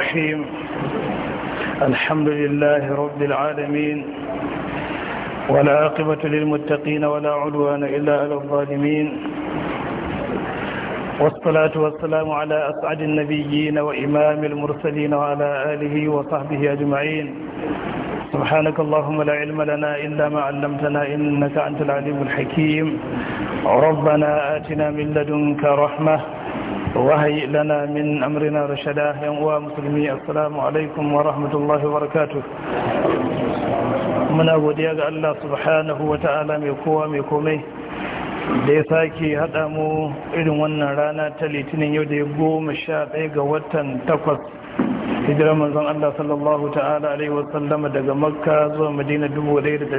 الرحيم الحمد لله رب العالمين ولا عاقبة للمتقين ولا عدوان إلا على الظالمين والصلاة والسلام على أسعد النبيين وإمام المرسلين وعلى آله وصحبه أجمعين سبحانك اللهم لا علم لنا إلا ما علمتنا إنك أنت العليم الحكيم ربنا آتنا من لدنك رحمة وهي لنا من أمرنا رشدا ينقوى مسلمي السلام عليكم ورحمة الله وبركاته muna godiya ga Allah subhanahu wa ta'ala kowa komai da ya sake haɗa mu irin wannan rana ta litinin yau da ya goma sha ɗaya ga watan takwas hijirar manzon Allah sallallahu ta'ala alaihi wasallama daga makka zuwa madina 1435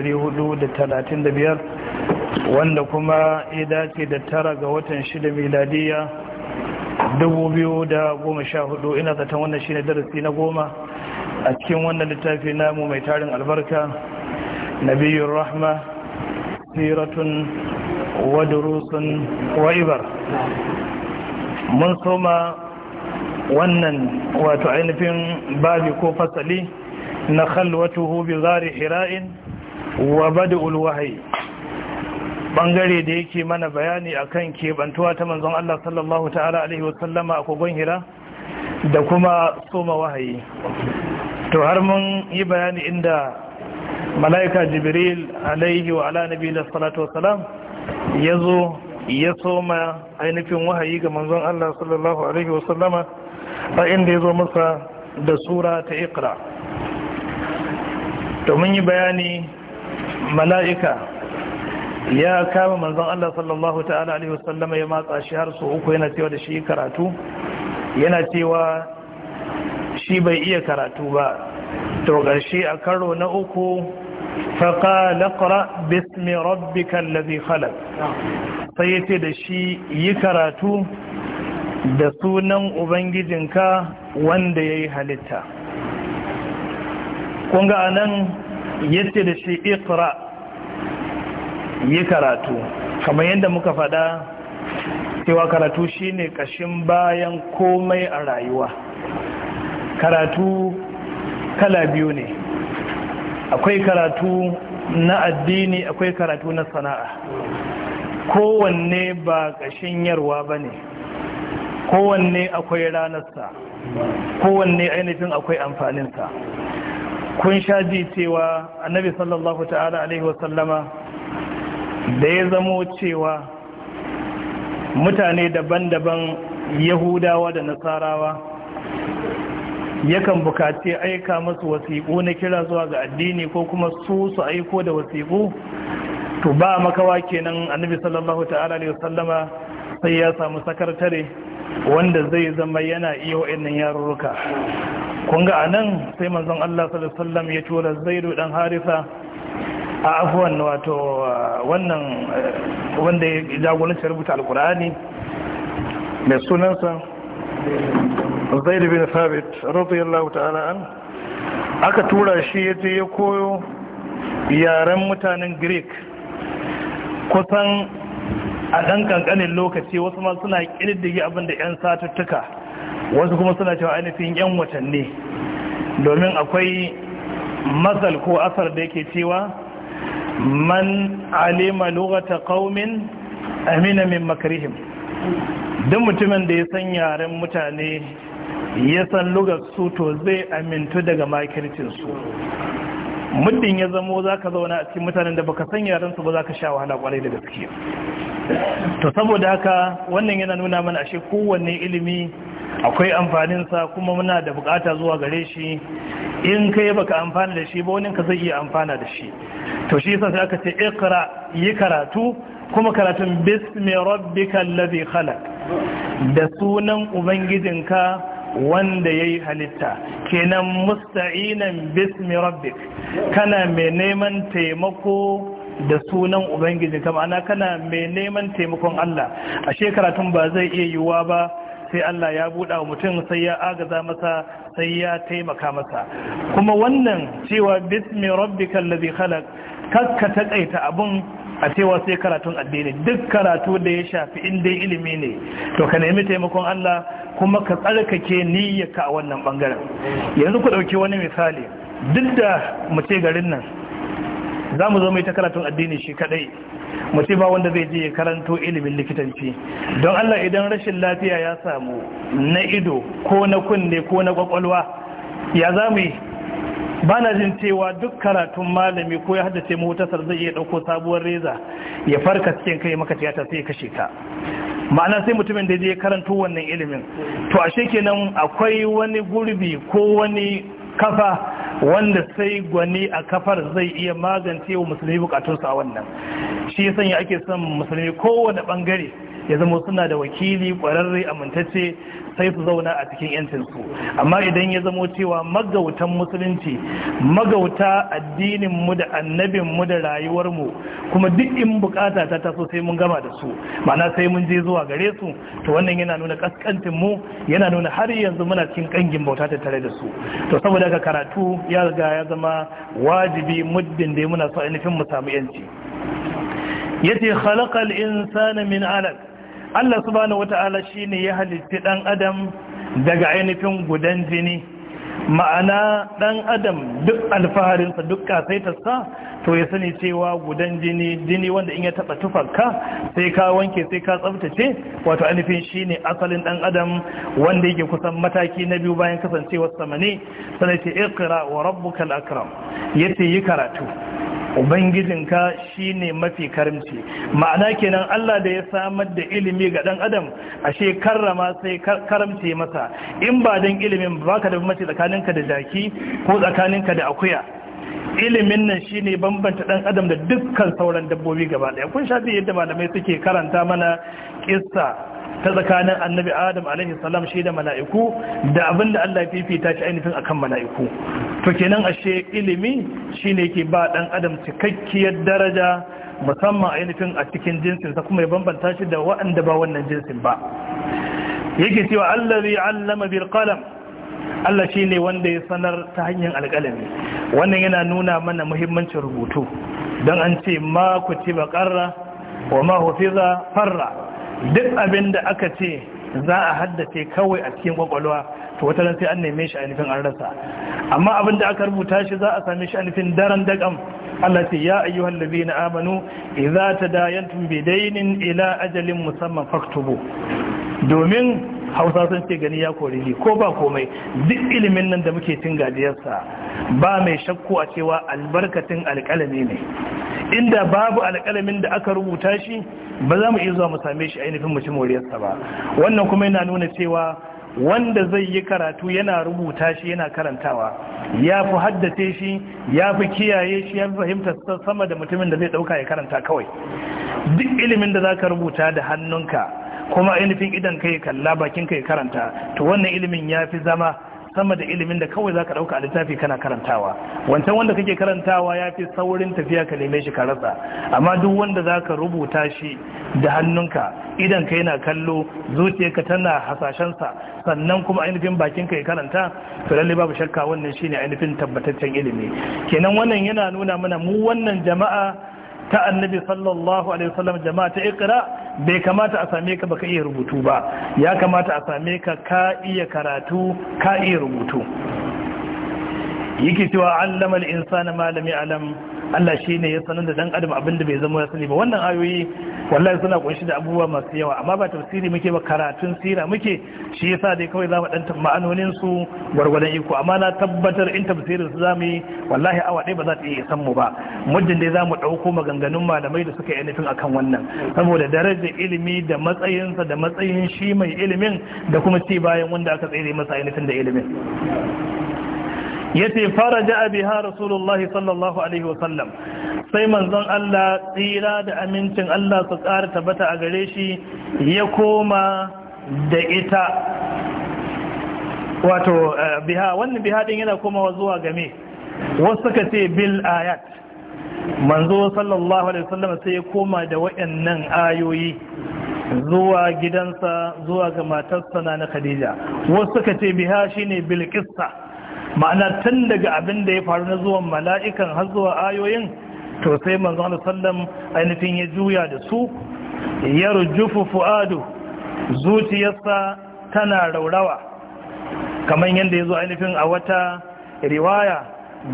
wanda kuma ya dace da tara ga watan shida miladiya 2014 ina zaton wannan shine darasi na goma a cikin wannan littafi namu mai tarin albarka nabiyyur rahma siratun wadurusun wa'ibar mun soma wannan wato ainihin babi ko fasali na khalwatuhu bi zari hira'in wa bada wahyi bangare da yake mana bayani a kan kebantuwa ta manzon Allah sallallahu ta'ala alaihi wasallama a kogon hira da kuma soma wahayi to har mun yi bayani inda mala'ika jibril alaihi wa ala nabi da salatu wasalam ya zo ya soma ainihin wahayi ga manzon Allah sallallahu alaihi wasallama a inda ya zo masa da sura ta ikra to mun yi bayani mala'ika ya kama manzon Allah sallallahu ta'ala alaihi wasallama ya matsa shi har su uku yana cewa da shi karatu yana cewa shi bai iya karatu ba to ƙarshe a karo na uku qala qra bismi rabbika lazi khalaq sai ya ce da shi yi karatu da sunan ubangijinka wanda yayi yi halitta ga anan ya ce da shi ikra yi karatu kamar yadda muka fada cewa karatu shine kashin bayan komai a rayuwa karatu kala biyu ne akwai karatu na addini akwai karatu na sana'a kowanne ba kashin yarwa ba ne kowanne akwai ranarsa kowanne ainihin akwai amfaninsa kun sha ji cewa annabi sallallahu ta'ala alaihi wasallama da ya zamo cewa mutane daban-daban yahudawa da nasarawa yakan bukaci aika masu wasiƙu na kira zuwa ga addini ko kuma su su aiko da wasiƙu to ba makawa kenan annabi sallallahu ta'ala alaihi wasallama sai ya samu sakartare wanda zai zama yana iya wa'annan yarurruka kun ga anan sai manzon Allah sallallahu alaihi wasallam ya tura Zaidu dan Harisa a afuwan wato wannan eh, wanda ya jagoranci rubuta alkur'ani mai sunansa da bin sabit radiyallahu ta'ala an aka tura shi ya je ya koyo yaren mutanen greek kusan a ɗan ƙanƙanin lokaci wasu ma suna ƙididdige abinda 'yan satuttuka wasu kuma suna cewa ainihin 'yan watanni domin akwai matsal ko asar da yake cewa man alima lugata qaumin amina min makrihim duk mutumin da ya san yaren mutane ya san lugar su to zai amintu daga makircin su muddin ya zamo za ka zauna a cikin mutanen da baka san yaren su ba za ka sha wahala kwarai da gaske to saboda haka wannan yana nuna mana ashe kowanne ilimi akwai amfanin sa kuma muna da bukata zuwa gare shi in kai baka amfana da shi ba wani ka zai iya amfana da shi to shi yasa sai aka ce iqra yi karatu kuma karatun bismi rabbikal ladhi khalaq da sunan ubangijinka wanda yayi halitta kenan musta'inan bismi rabbik kana mai neman taimako da sunan ubangijinka ma'ana kana mai neman taimakon Allah ashe karatun ba zai iya yiwuwa ba sai Allah ya buɗa wa mutum sai ya agaza masa sai ya taimaka masa kuma wannan cewa bismi rabbikal ladhi khalaq kakka taƙaita abun a cewa sai karatun addini duk karatu da ya shafi inda ilimi ne to ka nemi taimakon Allah kuma ka tsarkake niyyarka a wannan bangaren yanzu ku dauki wani misali duk da mu ce garin nan za mu zo mai ta karatun addini shi kadai mu ba wanda zai je ya karanto ilimin likitanci don Allah idan rashin lafiya ya samu na ido ko na kunne ko na kwakwalwa ya za mu yi ba na jin cewa duk karatun malami ko ya haddace motasar zai iya ɗauko sabuwar reza ya farka cikin kai maka tiyata sai ya kashe ka ma'ana sai mutumin da ya karanto wannan ilimin to ashe kenan akwai wani gurbi ko wani kafa wanda sai gwani a kafar zai iya magance wa musulmi bukatunsa a wannan shi ya sanya ake son musulmi kowane bangare ya zama suna da wakili kwararre amintacce sai su zauna a cikin yancinsu amma idan ya zamo cewa magautan musulunci magauta addininmu da annabinmu da rayuwarmu kuma duk in bukata ta taso sai mun gama da su ma'ana sai mun je zuwa gare su to wannan yana nuna mu yana nuna har yanzu muna cikin kangin bauta ta tare da su to saboda ka karatu ya ga ya zama wajibi muddin da muna so ainihin mu samu yanci yace khalaqal insana min alaq Allah subhanahu wata'ala shine ya halitti dan adam daga ainihin gudan jini ma'ana dan adam duk alfaharinsa duk kasaitarsa to ya sani cewa gudan jini jini wanda in ya taɓa tufarka sai ka wanke sai ka tsaftace wato ainihin shine asalin dan adam wanda yake kusan mataki na biyu bayan kasancewar sama ne sai ce iqra wa rabbukal akram yace yi karatu ubangijinka shi ne mafi karimci ma'ana kenan Allah da ya samar da ilimi ga ɗan adam a she karrama sai karamce masa in ba dan ilimin ba ka da mace tsakaninka da jaki ko tsakaninka da akuya ilimin nan shi ne bambanta dan adam da dukkan sauran dabbobi gaba daya kun shafi yadda malamai suke karanta mana kissa ta tsakanin annabi adam alaihi salam shi da mala'iku da abin da Allah fifita shi ainihin akan mala'iku to kenan ashe ilimi shine ke ba dan adam cikakkiyar daraja musamman ainihin a cikin jinsinsa kuma ya bambanta shi da waɗanda ba wannan jinsin ba yake cewa allazi allama bil qalam Allah shine wanda ya sanar ta hanyar alƙalami wannan yana nuna mana muhimmancin rubutu don an ce ma ku ci baƙarra wa ma hufiza farra duk abin da aka ce za a haddace kawai a cikin kwakwalwa to wata sai an neme shi a nufin an rasa amma abin da aka rubuta shi za a same shi a nufin daren dagam Allah sai ya ayyuhal ladina amanu idza tadayantum bidaynin ila ajalin musamman faktubu domin hausa sun ce gani ya kori ni ko ba komai duk ilimin nan da muke cin gajiyarsa ba mai shakku a cewa albarkatin alƙalami ne inda babu alƙalamin da aka rubuta shi ba za mu iya zuwa mu same shi ainihin mutum moriyarsa ba wannan kuma yana nuna cewa wanda zai yi karatu yana rubuta shi yana karantawa ya fi haddace shi ya fi kiyaye shi ya fi fahimta sama da mutumin da zai ɗauka ya karanta kawai duk ilimin da za ka rubuta da hannunka kuma ainihin idan kai kalla bakin kai karanta to wannan ilimin ya fi zama sama da ilimin da kawai za ka ɗauka a littafi kana karantawa wancan wanda kake karantawa ya fi saurin tafiya ka neme shi ka rasa amma duk wanda za ka rubuta shi da hannunka idan ka yana kallo ka tana hasashensa sannan kuma ainihin bakin ka ya karanta to lalle babu shakka wannan shine ainihin tabbataccen ilimi kenan wannan yana nuna mana mu wannan jama'a ta annabi sallallahu alaihi wasallam jama'a ta ikra bai kamata a same ka baka iya rubutu ba ya kamata a same ka ka iya karatu ka iya rubutu yake cewa allama al-insana ma lam ya'lam Allah shi ne ya sanar da dan adam abin da bai zama ya sani ba wannan ayoyi wallahi suna kunshi da abubuwa masu yawa amma ba tafsiri muke ba karatun sira muke shi yasa dai kawai za mu dan ma'anonin su gwargwadon iko amma na tabbatar in tafsirin su zamu yi wallahi awa ɗaya ba za ta iya san mu ba muddin dai za mu ɗauko maganganun malamai da suka yi nufin akan wannan saboda darajar ilimi da matsayinsa da matsayin shi mai ilimin da kuma ci bayan wanda aka tsere masa ainihin da ilimin yace faraja biha rasulullahi sallallahu alaihi wa sallam sai manzon Allah tsira da amincin Allah su ƙara tabbata a gare shi ya koma da ita wato eh, biha wannan biha din yana komawa zuwa game wasu suka ce bil ayat manzo sallallahu alaihi wasallam sai ya koma da wayannan ayoyi zuwa gidansa zuwa ga matarsa na Khadija wasu suka ce biha shine bil qissa ma'ana tun daga abin da ya faru na zuwan mala'ikan har zuwa ayoyin to sai manzo Allah sallam ainihin ya juya da su ya rujufu fuadu zuciyarsa tana raurawa kamar yadda ya zo ainihin a wata riwaya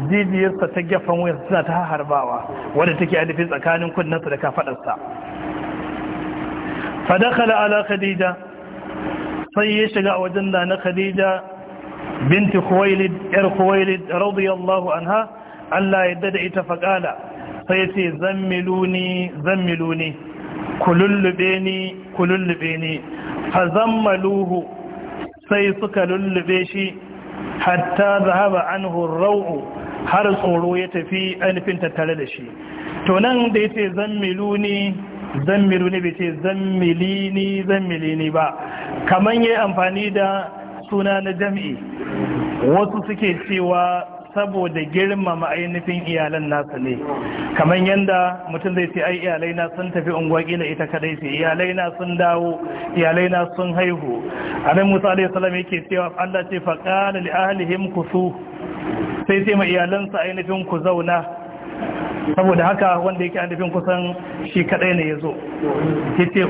jijiyarsa ta gefen wuyarsa suna ta harbawa wadda take ainihin tsakanin kunnarsa da kafadarsa fadakala ala khadija sai ya shiga a wajen da na khadija binti khuwailid yar khuwailid radiyallahu anha Allah ya dada ita faƙala sai ce zammiluni zammiluni kulullube ni kulullube ni fa zammaluhu sai suka lullube shi hatta zahaba anhu rau'u har tsoro ya tafi ainihin tattare da shi to nan da yace zammiluni zammiluni bai ce zammilini zammilini ba kaman yayi amfani da suna na jam'i wasu suke cewa saboda girmama ainihin iyalan nasa ne kamar yadda mutum zai ce ai iyalai na sun tafi unguwa kila ita kadai ce iyalai na sun dawo iyalai na sun haihu nan Musa alaihi salam yake cewa Allah ce fa qala li ahlihim su sai ce ma iyalansa ainihin ku zauna saboda haka wanda yake ainihin kusan shi kadai ne ya zo,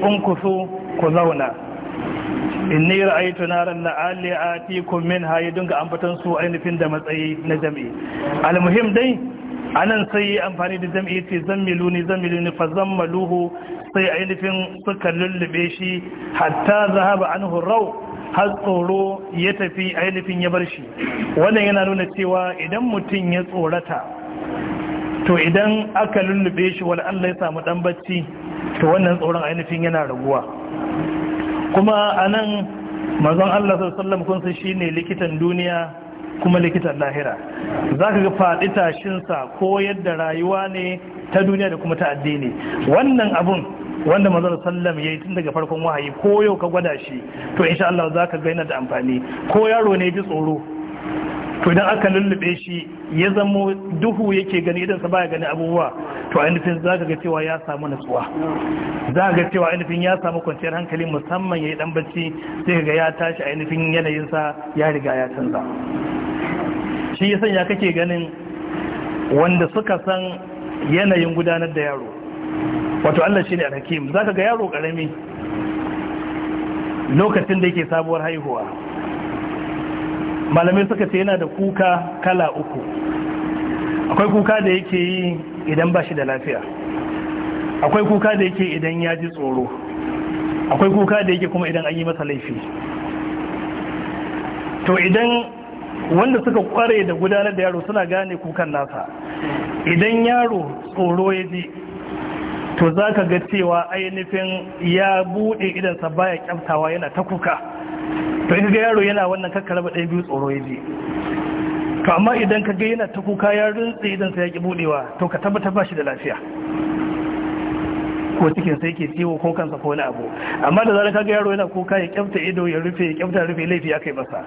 un ku zauna inni ra'aytu naran la'ali atikum minha ya ambatan su ainihin da matsayi na jam'i almuhim dai anan sai amfani da jam'i ce zammiluni zammiluni fa zammaluhu sai ainifin suka lullube shi hatta zahaba anhu raw har tsoro ya tafi ainihin ya bar shi wannan yana nuna cewa idan mutum ya tsorata to idan aka lullube shi wal Allah ya samu dan bacci to wannan tsoron ainihin yana raguwa kuma a nan mazan Allah sallam kunsa shi ne likitan duniya kuma likitan lahira za ka ga faɗi tashinsa ko yadda rayuwa ne ta duniya da kuma ta addini wannan abun wanda mazan sallam ya yi tun daga farkon wahayi ko yau ka gwada shi to insha Allah za ka gaina da amfani ko yaro ne ji tsoro to idan aka lullube shi ya zama duhu yake gani idan sa baya gani abubuwa to ainihin za ka ga cewa ya samu natsuwa za ga cewa ainihin ya samu kwanciyar hankali musamman ya yi dan bacci sai ga ya tashi ainihin yanayinsa ya riga ya canza shi ya sanya kake ganin wanda suka san yanayin gudanar da yaro wato Allah shi ne alhakim za ka ga yaro karami lokacin da yake sabuwar haihuwa malamai suka ce yana da kuka kala uku akwai kuka da yake yi idan ba shi da lafiya akwai kuka da yake idan ya ji tsoro akwai kuka da yake kuma idan an yi masa laifi to idan wanda suka kware da gudanar da yaro suna gane kukan nasa idan yaro tsoro ya ji to za ka ga cewa ainihin ya buɗe idansa baya kyamtawa yana ta kuka to in ga yaro yana wannan kakkara ba ɗaya biyu tsoro ya je to amma idan ka ga yana ta kuka ya rintse idan sai ya ki buɗewa, to ka tabbatar ba shi da lafiya ko cikin sai ke ciwo ko kansa ko wani abu amma da zarar ka ga yaro yana kuka ya kyafta ido ya rufe ya kyafta rufe laifi ya kai masa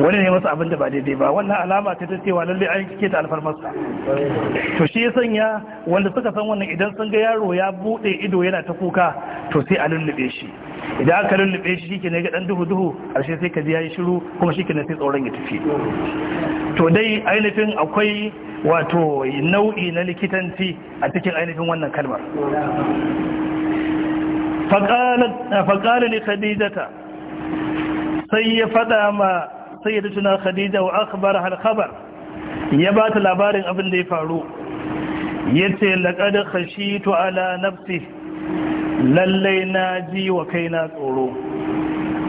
wani ne masa abin da ba daidai ba wannan alama ta ta cewa lalle an kike ta alfarmarsa to shi ya sanya wanda suka san wannan idan sun ga yaro ya bude ido yana ta kuka to sai a lullube shi idan aka lullube shi shi ne ga dan duhu duhu ashe sai ka ji yayi shiru kuma shi ne sai tsoron ya tafi to dai ainihin akwai wato nau'i na likitanci a cikin ainihin wannan kalmar فقال فقال sai ya faɗa ma sayyidatuna khadija wa akhbaraha al-khabar ya ba ta labarin abin da ya faru yace laqad khashitu ala nafsi lallai na ji wa kaina tsoro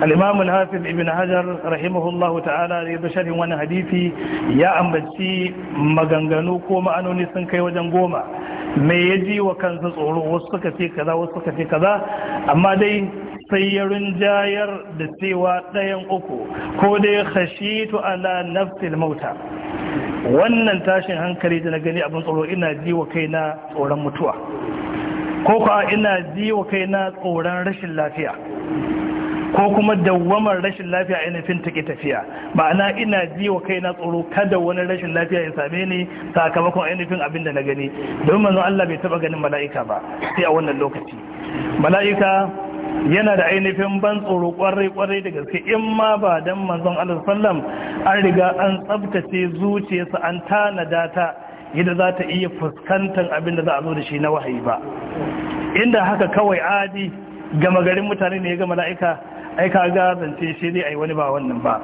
al-imam al-hafiz ibn hajar rahimahullahu ta'ala da ya sharhin wani hadisi ya ambaci maganganu ko ma'anoni sun kai wajen goma me ya ji wa kansa tsoro wasu suka ce kaza wasu suka ce kaza amma dai sai ya rinjayar da cewa ɗayan uku ko dai to ala nafsil mauta wannan tashin hankali da na gani abin tsoro ina ji wa kaina tsoron mutuwa ko kuwa ina ji wa kaina tsoron rashin lafiya ko kuma dawwamar rashin lafiya a nufin take tafiya ma'ana ina ji wa kaina tsoro kada wani rashin lafiya ya same ni sakamakon ainihin abin da na gani don manzon Allah bai taba ganin mala'ika ba sai a wannan lokaci mala'ika yana da ainihin ban tsoro kwarai kwarai da gaske in ma ba dan manzon Allah sallam an riga an tsabtace zuciyarsa an tanada ta yadda za ta iya fuskantar abinda da za a zo da shi na wahayi ba inda haka kawai adi gama garin mutane ne ga mala'ika ai ka ga zance shi dai ai wani ba wannan ba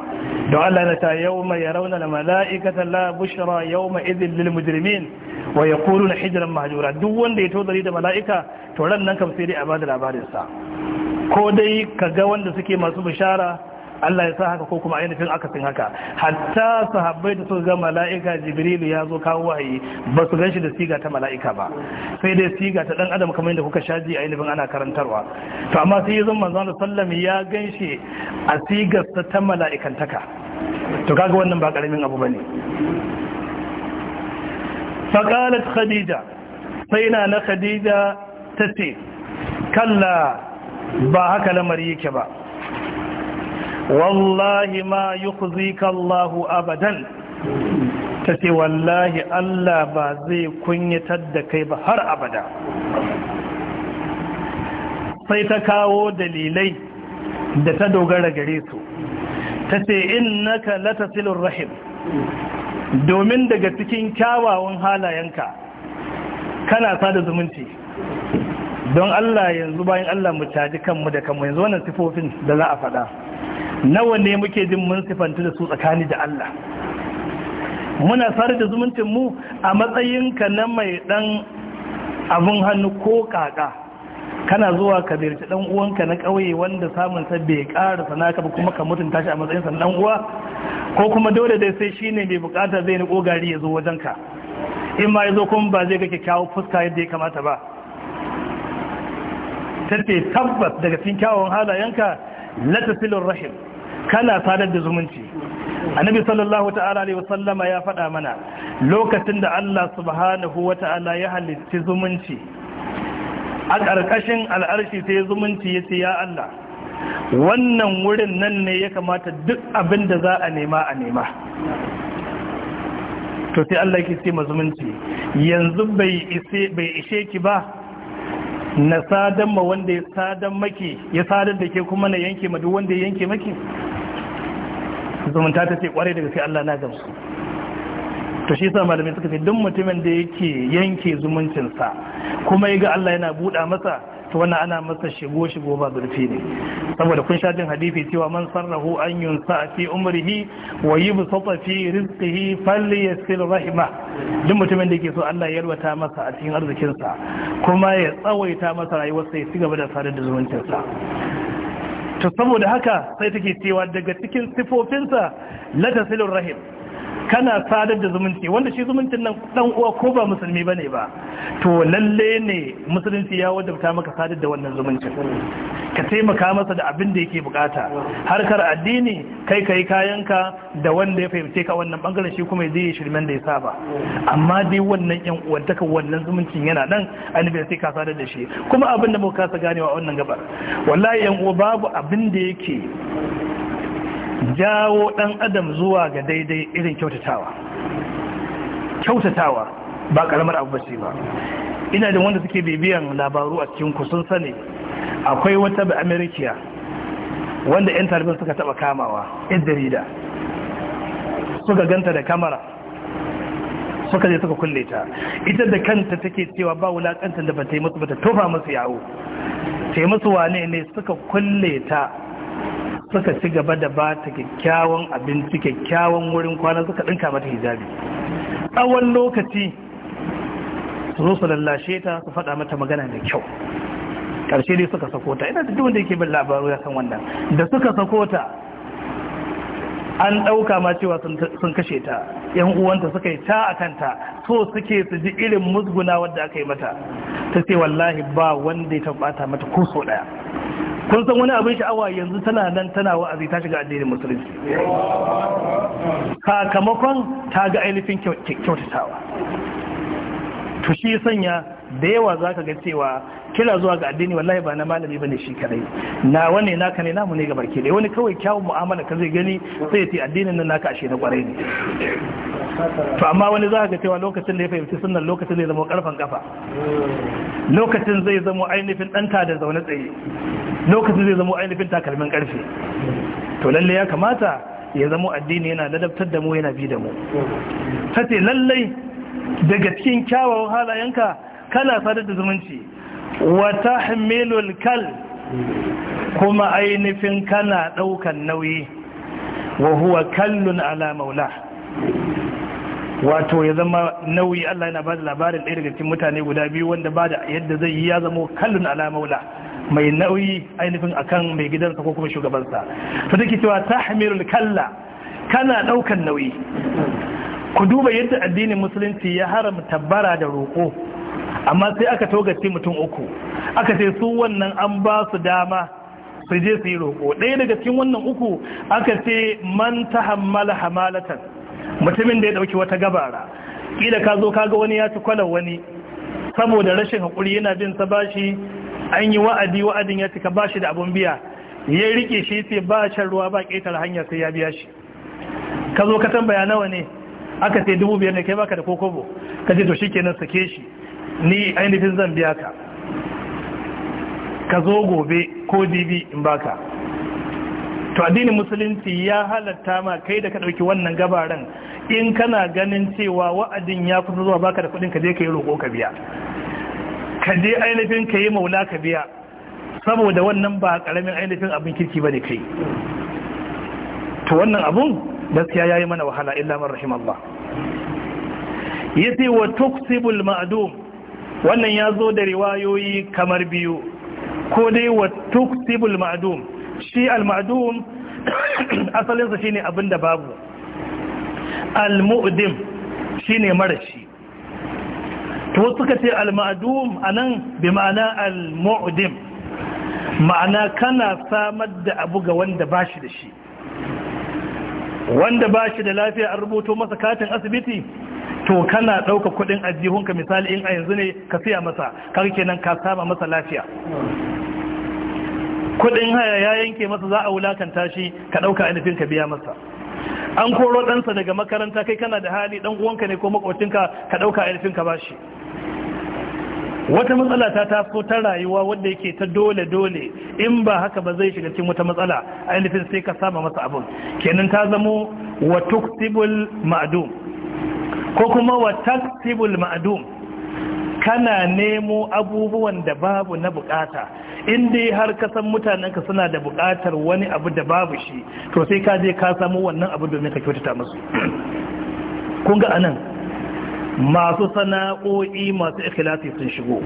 don Allah na ta yawma yarawna la mala'ikata la bushra yawma idhil lil mujrimin wa yaquluna hijran mahjura duk wanda ya tozari da mala'ika to ran nan kam sai dai a da labarin sa ko dai ka ga wanda suke masu bishara Allah ya sa haka ko kuma ainihin akasin haka hatta sahabbai da suka ga mala'ika jibrilu ya zo kawo wahayi ba su ganshi da siga ta mala'ika ba sai dai siga ta dan adam kamar yadda kuka shaji ainihin ana karantarwa to amma sai ya zama manzo sallam ya ganshi a sigar ta mala'ikantaka to kaga wannan ba karamin abu bane faqalat khadija sai na khadija tace kalla ba haka lamari yake ba wallahi ma yukhzika Allahu abadan ta ce wallahi Allah ba zai kunyatar da kai ba har abada sai ta kawo dalilai da ta dogara gare su ta ce innaka latasilur rahim domin daga cikin kyawawan halayenka kana sada zumunci don Allah yanzu bayan Allah mu caji kanmu da kanmu yanzu wannan sifofin da za a faɗa nawa ne muke jin mun sifanta da su tsakani da Allah muna sare da zumuncin mu a matsayinka na mai dan abun hannu ko kaka kana zuwa ka ziyarci dan uwanka na ƙauye wanda samun sa bai ƙara sana'a ba kuma ka mutunta shi a matsayin san dan uwa ko kuma dole dai sai shi ne mai bukata zai ni kogari ya zo wajenka in ma ya zo kuma ba zai ga kyakkyawar fuska yadda ya kamata ba tace tabbas daga cikin kyawawan halayenka la rahim kana sadar da zumunci annabi sallallahu ta'ala alaihi wasallama ya faɗa mana lokacin da Allah subhanahu wata'ala ya halitta zumunci a ƙarƙashin al'arshi sai zumunci ya ce ya Allah wannan wurin nan ne ya kamata duk abin da za a nema a nema to sai Allah ya ce ma zumunci yanzu bai ishe ki ba na sadan ma wanda ya sadan maki ya sadan da ke kuma na yanke ma duk wanda ya yanke maki zumunta ta ce kware daga sai Allah na gamsu to shi sa malamai suka ce duk mutumin da yake yanke zumuncinsa kuma ya ga Allah yana buɗa masa to wannan ana masa shigo shigo ba zurfi ne saboda kun sha jin hadisi cewa man sarrahu an yunsa fi umrihi wa yubsata fi rizqihi falyasil rahima duk mutumin da yake so Allah ya yarwata masa a cikin arzikinsa kuma ya tsawaita masa rayuwarsa ya ci gaba da sadar da zumuncinsa to saboda haka sai take cewa daga cikin sifofinsa latasilur rahim kana sadar da zumunci wanda shi zumuncin nan dan uwa ko ba musulmi bane ba to lalle ne musulunci ya wadabta maka sadar da wannan zumuncin ka taimaka masa da abin da yake bukata harkar addini kai kai kayanka da wanda ya fahimce ka wannan bangaren shi kuma zai yi shirmen da ya saba amma dai wannan yan uwan taka wannan zumuncin yana nan annabi sai ka sadar da shi kuma abin da muka kasa ganewa wannan gabar wallahi yan uwa babu abin da yake jawo ɗan adam zuwa ga daidai irin kyautatawa kyautatawa ba ƙaramar abu bace ba ina da wanda suke bibiyan labaru a cikin sun sani akwai wata ba amerikiya wanda 'yan taliban suka taɓa kamawa 'yan jarida suka ganta da kamara suka je suka kulle ta ita da kanta take cewa ba wulaƙantar da ba ta yi ba ta tofa masu yawo ta yi ne suka kulle ta suka ci gaba da ba ta kyakkyawan abinci kyakkyawan wurin kwana suka ɗinka mata hijabi tsawon lokaci su zo su lallashe ta su faɗa mata magana mai kyau ƙarshe dai suka sako ta ina da duk wanda yake bin labaru ya san wannan da suka sako ta an ɗauka ma cewa sun kashe ta yan uwanta suka yi ta a kanta so suke su ji irin musguna wadda aka yi mata ta ce wallahi ba wanda ya taɓata mata ko so ɗaya kun san wani abin sha'awa yanzu tana nan tana wa'azi ta shiga addinin musulunci sakamakon ta ga ainihin kyautatawa to shi sanya da yawa za ka ga cewa kira zuwa ga addini wallahi ba na malami ba ne shi kadai na wani naka ne namu ne ga barke dai wani kawai kyawun mu'amala ka zai gani sai ce addinin nan naka ashe na kwarai ne to amma wani za ka ga cewa lokacin da ya fahimci sunnan lokacin zai zama karfan kafa lokacin zai zama ainihin ta da zaune tsaye lokacin zai zama ainihin takalmin karfe to lalle ya kamata ya zama addini yana ladabtar da mu yana bi da mu ta lalle lallai daga cikin kyawawan halayenka kana sadar da zumunci wata hamilul kal kuma ainihin kana ɗaukan nauyi wa huwa kallun ala maula wato ya zama nauyi Allah yana ba da labarin ɗaya daga cikin mutane guda biyu wanda ba da yadda zai yi ya zama kallun ala maula mai nauyi ainihin akan mai gidansa ko kuma shugabansa to take cewa tahmilul kalla kana ɗaukan nauyi ku duba yadda addinin musulunci ya haramta bara da roƙo amma sai aka togace mutum uku aka ce su wannan an ba su dama su je su yi roƙo ɗaya daga cikin wannan uku aka ce man ta hammala hamalatan mutumin da ya ɗauki wata gabara ƙila ka zo kaga wani ya ci kwalar wani saboda rashin haƙuri yana bin sa bashi an yi wa'adi wa'adin ya cika bashi da abun biya ya rike shi sai ba shan ruwa ba ƙetar hanya sai ya biya shi ka zo ka tambaya nawa ne aka ce dubu biyar ne kai baka da kokobo ka ce to shi kenan sake shi ni ainihin zan biya ka ka zo gobe ko dibi in baka to addinin musulunci ya halatta ma kai da ka ɗauki wannan gabaran in kana ganin cewa wa'adin ya kusa zuwa baka da kuɗin ka je ka yi roƙo ka biya ka je ainihin ka yi maula ka biya saboda wannan ba karamin ainihin abin kirki ba kai to wannan abun gaskiya ya yi mana wahala illa man rahimallah Allah wa tuksibul ma'dum wannan ya zo da riwayoyi kamar biyu ko dai wa tuktibul ma'dum shi al-ma'dum asalinsa shine abin da babu al-mu'dim shine marashi to suka ce al-ma'dum anan bi ma'ana al-mu'dim ma'ana kana samar da abu ga wanda bashi da shi wanda bashi da lafiya an rubuto masa katin asibiti to kana ɗauka kuɗin ajihunka misali in a yanzu ne ka siya masa kar kenan ka saba masa lafiya kuɗin haya ya yanke masa za a wulakanta shi ka ɗauka ainihin ka biya masa an koro ɗansa daga makaranta kai kana da hali ɗan uwanka ne ko makocinka ka ɗauka ainihin ka bashi wata matsala ta taso ta rayuwa wanda yake ta dole dole in ba haka ba zai shiga cikin wata matsala ainihin sai ka saba masa abun, kenan ta zamo wa tuktibul ma'dum ko kuma wa taktibul kana nemo abubuwan da babu na bukata inda har ka san mutanenka suna da bukatar wani abu da babu shi to sai ka je ka samu wannan abu domin ka kyautata musu kun ga anan masu sana'o'i masu ikhlasi sun shigo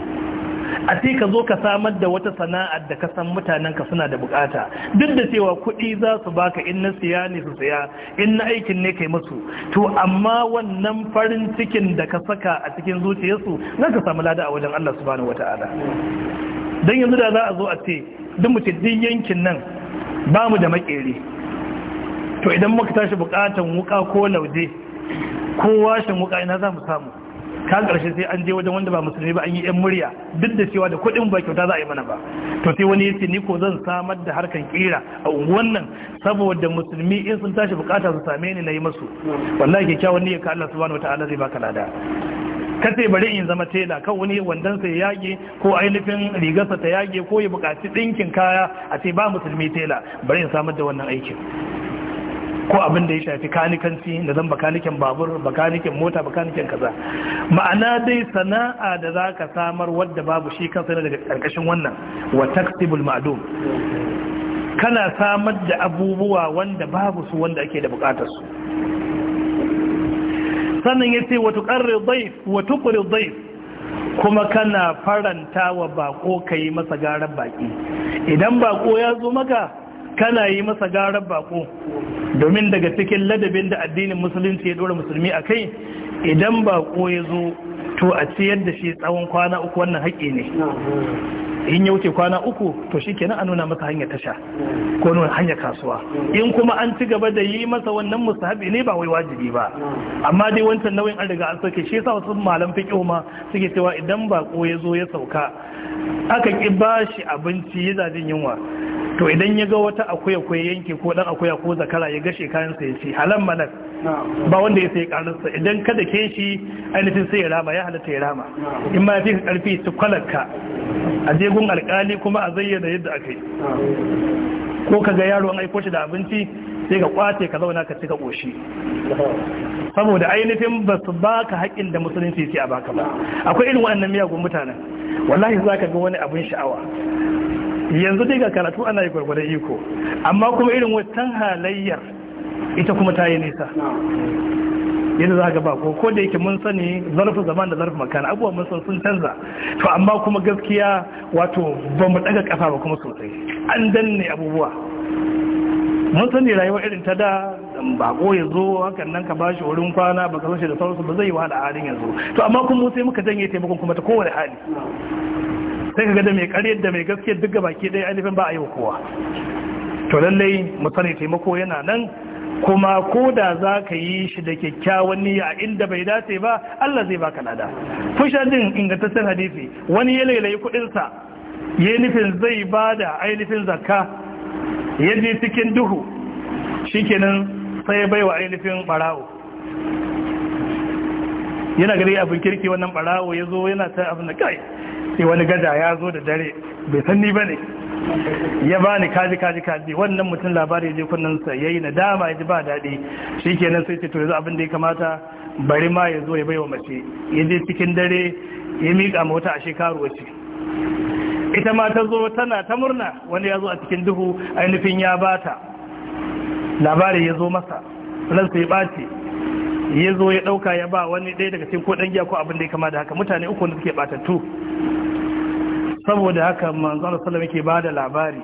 a sai ka zo ka samar da wata sana'ar da ka san mutanen ka suna da bukata duk da cewa kuɗi za su baka in na siya ne su siya in na aikin ne kai musu to amma wannan farin cikin da ka saka a cikin zuciyarsu za ka samu lada a wajen Allah subhanahu wata'ala dan yanzu da za a zo a ce duk mutum din yankin nan ba mu da makere to idan muka tashi bukatan wuka ko lauje ko washin wuka ina za mu samu Ka karshe sai an je wajen wanda ba musulmi ba an yi yan murya duk da cewa da kuɗin ba kyauta za a yi mana ba to sai wani yace ni ko zan samar da harkan kira a unguwan nan saboda musulmi in sun tashi bukata su same ni na yi masu wallahi kyakkyawan niyyar ka Allah subhanahu wataala zai baka lada kace bari in zama tela kan wani wandonsa ya yage ko ainihin rigarsa ta yage ko ya bukaci ɗinkin kaya a ce ba musulmi tela bari in samar da wannan aikin ko abin da ya shafi kanikanci da zan bakanikin babur bakanikin mota bakanikin kaza ma'ana dai sana'a da za ka samar wadda babu shi kansa ne daga karkashin wannan wa taksibul ma'adum kana samar da abubuwa wanda babu su wanda ake da bukatar su sannan ya ce wata ƙarri zaif wata ƙuri zaif kuma kana faranta wa bako ka yi masa garan baki idan bako ya zo maka kana yi masa garar bako domin daga cikin ladabin da addinin musulunci ya dora musulmi a kai idan bako ya zo to a ciyar da shi tsawon kwana uku wannan haƙƙi ne in ya wuce kwana uku to shi kenan a nuna masa hanyar tasha ko nuna hanyar kasuwa in kuma an ci gaba da yi masa wannan musahabi ne ba wai wajibi ba amma dai wancan nauyin an riga an sauke shi yasa wasu malam fi ma suke cewa idan bako ya zo ya sauka aka ki shi abinci ya zajin yunwa to idan ya ga wata akuya ko yanke ko dan akuya ko zakara ya gashe kayan sa yace halan malak ba wanda ya sai karin sa idan kada ke shi ainihin sai ya rama ya halata ya rama in ma fi karfi su kwalarka a jegun alkali kuma a zayyana yadda yi ko kaga yaro an aiko shi da abinci sai ka kwace ka zauna ka ci ka koshi saboda ainihin ba su baka haƙƙin da musulunci ce a baka ba akwai irin waɗannan miyagun mutanen wallahi za ka ga wani abin sha'awa yanzu dai ga karatu ana yi gwargwada iko amma kuma irin wancan halayyar ita kuma ta yi nisa yadda za ga ba ko ko da yake mun sani zarfi zaman da zarfi makana abubuwa mun san sun canza to amma kuma gaskiya wato ba mu daga kafa ba kuma sosai an danne abubuwa mun sani rayuwar irin ta da ko ya zo hakan nan ka ba shi wurin kwana ba ka shi da sauransu ba zai yi wahala halin yanzu to amma kuma sai muka janye taimakon kuma ta kowane hali sai kaga da mai karyar da mai gaske duk baki ɗaya ainihin ba a yi wa kowa to lallai mu taimako yana nan kuma ko da za ka yi shi da kyakkyawan niyya a inda bai dace ba Allah zai baka lada fushan din ingantaccen hadisi wani ya lailayi kuɗinsa ya nufin zai ba da ainihin zakka ya je cikin duhu shikenan sai bai wa ainihin barawo yana gari abin kirki wannan barawo ya zo yana ta abin da kai sai wani gada ya zo da dare bai san ni ne. ya bani kaji kaji kaji wannan mutum labari je kunnan sa yayi nadama ya ji ba dadi kenan sai ce to yanzu abin da ya kamata bari ma ya zo ya baiwa mace ya je cikin dare ya miƙa mota a shekaru wace ita ma ta zo tana ta murna wani ya zo a cikin duhu ainihin ya bata labari ya zo masa ransa ya ɓace ya zo ya ɗauka ya ba wani ɗaya daga cikin ko ɗan giya ko abin da ya kama da haka mutane uku da suke ɓatattu saboda haka manzo Allah sallallahu alaihi ba da labari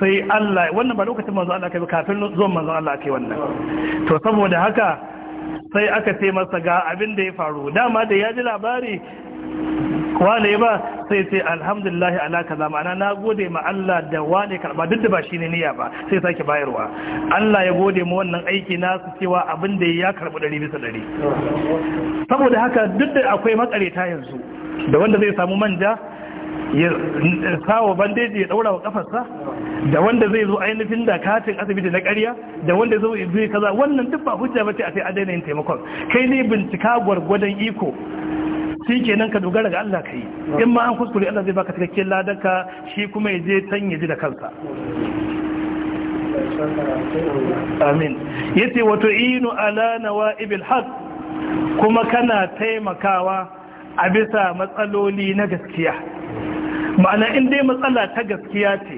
sai Allah wannan ba lokacin manzo Allah kai kafin zuwan manzo Allah kai wannan to saboda haka sai aka ce masa ga abin da ya faru dama da ya ji labari wane ba sai sai alhamdulillah ala kaza ma'ana na gode ma Allah da wane karba duk da ba shi ne niyya ba sai sake bayarwa Allah ya gode mu wannan aiki nasu cewa abin da ya karbi ɗari bisa ɗari. saboda haka duk da akwai ta yanzu da wanda zai samu manja ya sawa bandeji ya daura wa kafarsa da wanda zai zo ainihin da katin asibiti na ƙarya da wanda zai zo kaza wannan duk ba hujja bace a sai an daina yin taimakon kai ne bincika gwargwadon iko shi kenan ka dogara ga Allah ka yi in ma an kuskure Allah zai baka cikakken ladanka shi kuma ya je can ya ji da kansa amin yace wato inu ala nawaib alhaq kuma kana taimakawa a bisa matsaloli na gaskiya ma'ana in dai matsala ta gaskiya ce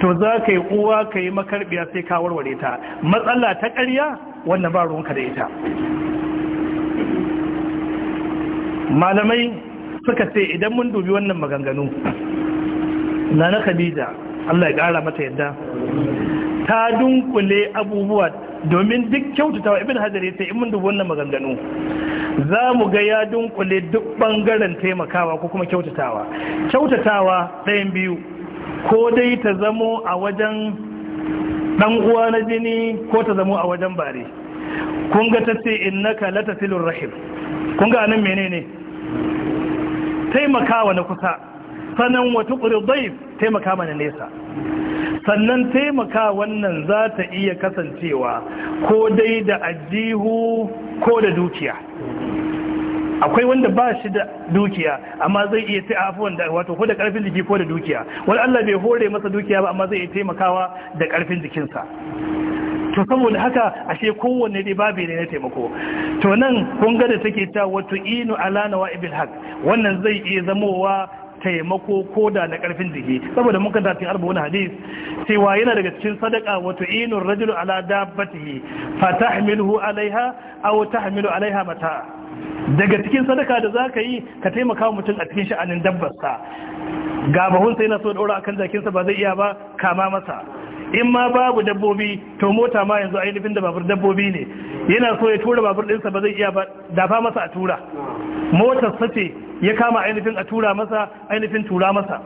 to za ka yi uwa ka yi makarbiya sai ka warware ta matsala ta ƙarya wanda ba ruwanka da ita malamai suka ce idan mun dubi wannan maganganu na na khadija allah ya ƙara mata yadda ta dunkule abubuwa domin duk kyautatawa ibn ibin ya sai in mun dubi wannan maganganu za mu ga ya dunkule duk bangaren taimakawa ko kuma kyautatawa kyautatawa ɗayan biyu ko dai ta zamo a wajen ɗan uwa na jini ko ta zamo a wajen bare kun ga ta ce innaka filin rahim kun ga nan menene taimakawa na kusa sanan wata ƙuri taimaka mana nesa sannan taimaka wannan za ta iya kasancewa ko dai da ajihu ko da dukiya akwai wanda ba shi da dukiya amma zai iya ta afuwan da wato ko da karfin jiki ko da dukiya wani Allah bai hore masa dukiya ba amma zai iya taimakawa da karfin jikinsa to saboda haka ashe kowanne dai babu ne na taimako to nan kun ga da take ta wato inu ala ibil haq wannan zai iya zamowa taimako ko da na karfin jiki saboda mun kanta cikin na hadis cewa yana daga cikin sadaka wato inur rajulu ala dabbatihi tahmiluhu alaiha aw tahmilu alaiha mata daga cikin sadaka da zaka yi ka taimaka mutum a cikin sha'anin dabbarsa ga bahunsa yana so daura akan jakinsa ba zai iya ba kama masa in ma babu dabbobi to mota ma yanzu ainihin da babur dabbobi ne yana so ya tura babur ɗinsa ba zai iya ba dafa masa a tura motar sace ya kama ainihin a tura masa ainihin tura masa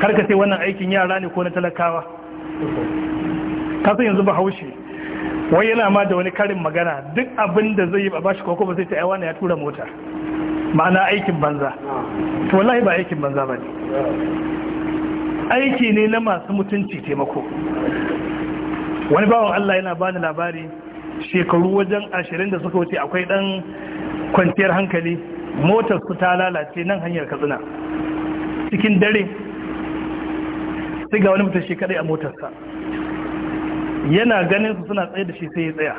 karka sai wannan aikin yara ne ko na talakawa kasan yanzu bahaushe wai yana ma da wani karin magana duk abin da zai yi ba bashi koko ba sai ta 'yawa na ya tura mota ma'ana aikin banza to wallahi ba aikin banza ba ne aiki ne na masu mutunci taimako wani bawan Allah yana bani labari shekaru wajen ashirin da suka wuce akwai dan kwanciyar hankali motar su ta lalace nan hanyar katsina cikin dare sai ga wani mutum shi kadai a motarsa yana ganin su suna tsaye da shi sai ya tsaya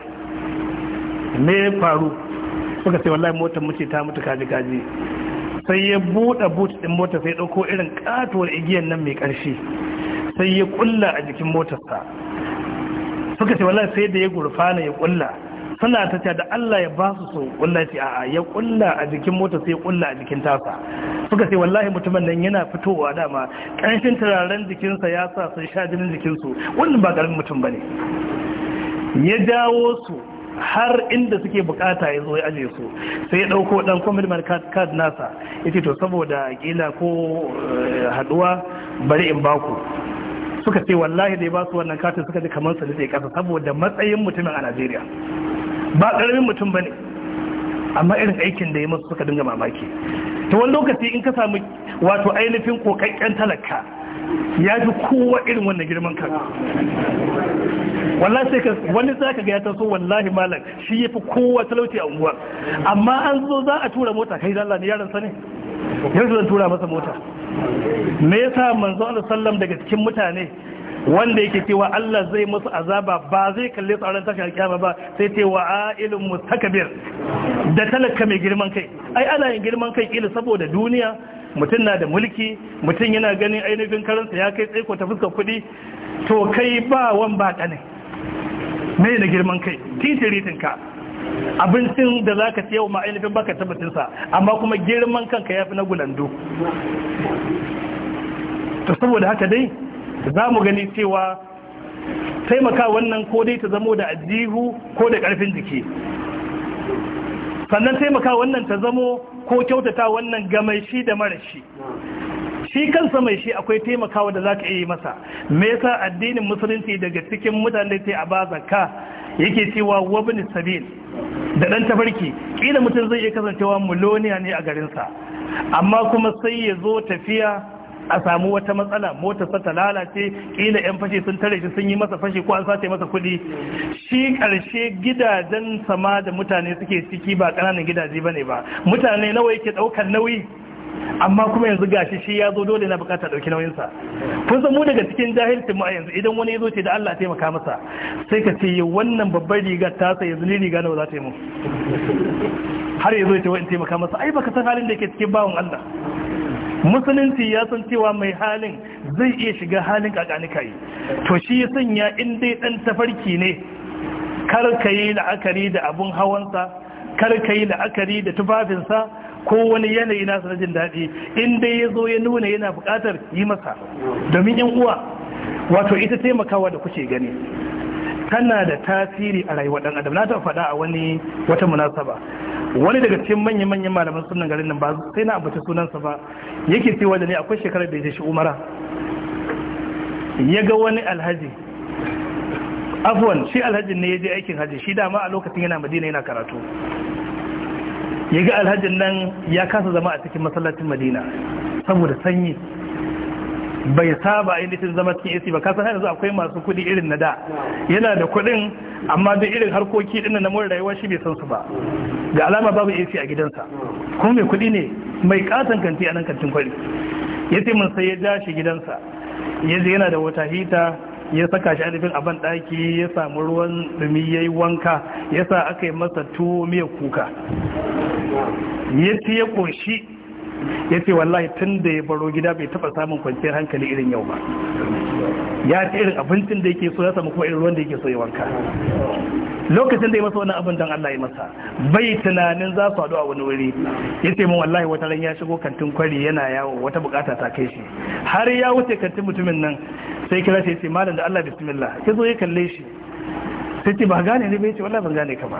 me faru suka ce wallahi motar mace ta mutu kaji kaji sai ya buɗe boot ɗin mota sai ɗauko irin katuwar igiyar nan mai ƙarshe, sai ya ƙulla a jikin motarsa suka ce wallahi sai da ya gurfana ya ƙulla suna ta da Allah ya ba su so ƙulla ce a'a ya ƙulla a jikin mota sai ya ƙulla a jikin tasa suka ce wallahi mutumin nan yana fitowa dama ƙarshen turaren jikinsa ya sa sun sha jinin jikinsu wannan ba ƙarfin mutum ba ne ya dawo su har inda suke bukata ya zo ya aje su sai ya dauko dan commitment card nasa yace to saboda kila ko eh, haduwa bari in baku suka ce wallahi dai ba su wannan katin suka ji kamar su da kasa saboda matsayin mutumin a Najeriya ba karamin mutum bane amma irin aikin da ya masu suka dinga mamaki to wani lokaci in ka samu wato ainihin kokakken talaka ya ji kowa irin wannan girman kan wallahi sai ka wani ta ga ya taso wallahi malam shi yafi kowa talauci a unguwa amma an zo za a tura mota kai Allah ne yaran sani ne yanzu zan tura masa mota me yasa manzo Allah sallam daga cikin mutane wanda yake cewa Allah zai musu azaba ba zai kalle su a tashar kiyama ba sai ce wa ailun mustakbir da talaka mai girman kai ai ana yin girman kai kila saboda duniya mutum na da mulki mutum yana ganin ainihin karansa ya kai tsaiko ta fuskar kuɗi to kai ba wan ba ɗane mai na girman kai ka. abincin da za ka siya wa ainihin baka tabbatinsa amma kuma girman kanka ya fi na gulandu to saboda haka dai za mu gani cewa taimaka wannan ko dai ta zamo da ajihu ko da ƙarfin jiki sannan taimaka wannan ta zamo ko kyautata wannan ga mai shi da mara shi shi kansa mai shi akwai taimakawa da za ka yi masa me yasa addinin musulunci daga cikin mutane sai a ba zakka yake cewa wabin sabil da dan tafarki kila mutum zai iya kasancewa muloniya ne a garinsa amma kuma sai ya zo tafiya a samu wata matsala motar sa ta lalace kila yan fashe sun tare shi sun yi masa fashe ko an sace masa kuɗi shi karshe gidajen sama da mutane suke ciki ba ƙananan gidaje bane ba mutane nawa yake ɗaukar nauyi amma kuma yanzu gashi shi ya zo dole na bukata dauki nauyinsa kun san mu daga cikin jahilci mu a yanzu idan wani ya zo ce da Allah taimaka masa sai ka ce wannan babbar rigar ta sai yanzu ni riga nawa za ta yi mu har ya zo ce wani taimaka masa ai baka san halin da yake cikin bawon Allah musulunci ya san cewa mai halin zai iya shiga halin kakanikai, to shi ya sanya in dai ɗan tafarki ne kar ka yi la'akari da abun hawansa kar ka yi la'akari da tufafinsa ko wani yanayi nasa na jin daɗi in dai ya zo ya nuna yana buƙatar yi masa domin yan uwa wato ita taimakawa da kuke gani tana da tasiri a rayuwa ɗan adam na ta faɗa a wani wata munasaba wani daga cikin manyan manyan malaman sunan garin nan ba sai na ambaci sunansa ba yake ce wanda ne akwai shekarar da ya shi umara ya ga wani alhaji afwan shi alhajin ne ya je aikin haji shi dama a lokacin yana madina yana karatu ya ga alhajin nan ya kasa zama a cikin masallacin madina saboda sanyi bai saba ainihin zama cikin AC ba kasan yanzu akwai masu kudi irin na da yana da kudin amma duk irin harkoki dinna na more rayuwa shi bai san su ba ga alama babu AC a gidansa kuma mai kudi ne mai katan kanti a nan kantin kwari yace mun sai ya ja shi gidansa yaje yana da wata hita ya saka shi ainihin a ban daki ya samu ruwan dumi yayi wanka Yasa sa aka yi masa tuwo miya kuka ya ya koshi ya ce wallahi tun da ya baro gida bai taba samun kwanciyar hankali irin yau ba ya ci irin abincin da yake so ya samu kuma irin ruwan da yake so ya wanka lokacin da ya masa wannan abin don Allah ya masa bai tunanin za su haɗu a wani wuri ya ce min wallahi wata ran ya shigo kantin kwari yana yawo wata bukata ta kai shi har ya wuce kantin mutumin nan sai kira shi ce malam da Allah bismillah ya zo ya kalle shi sai ce ba gane ne bai ce wallahi ban gane ka ba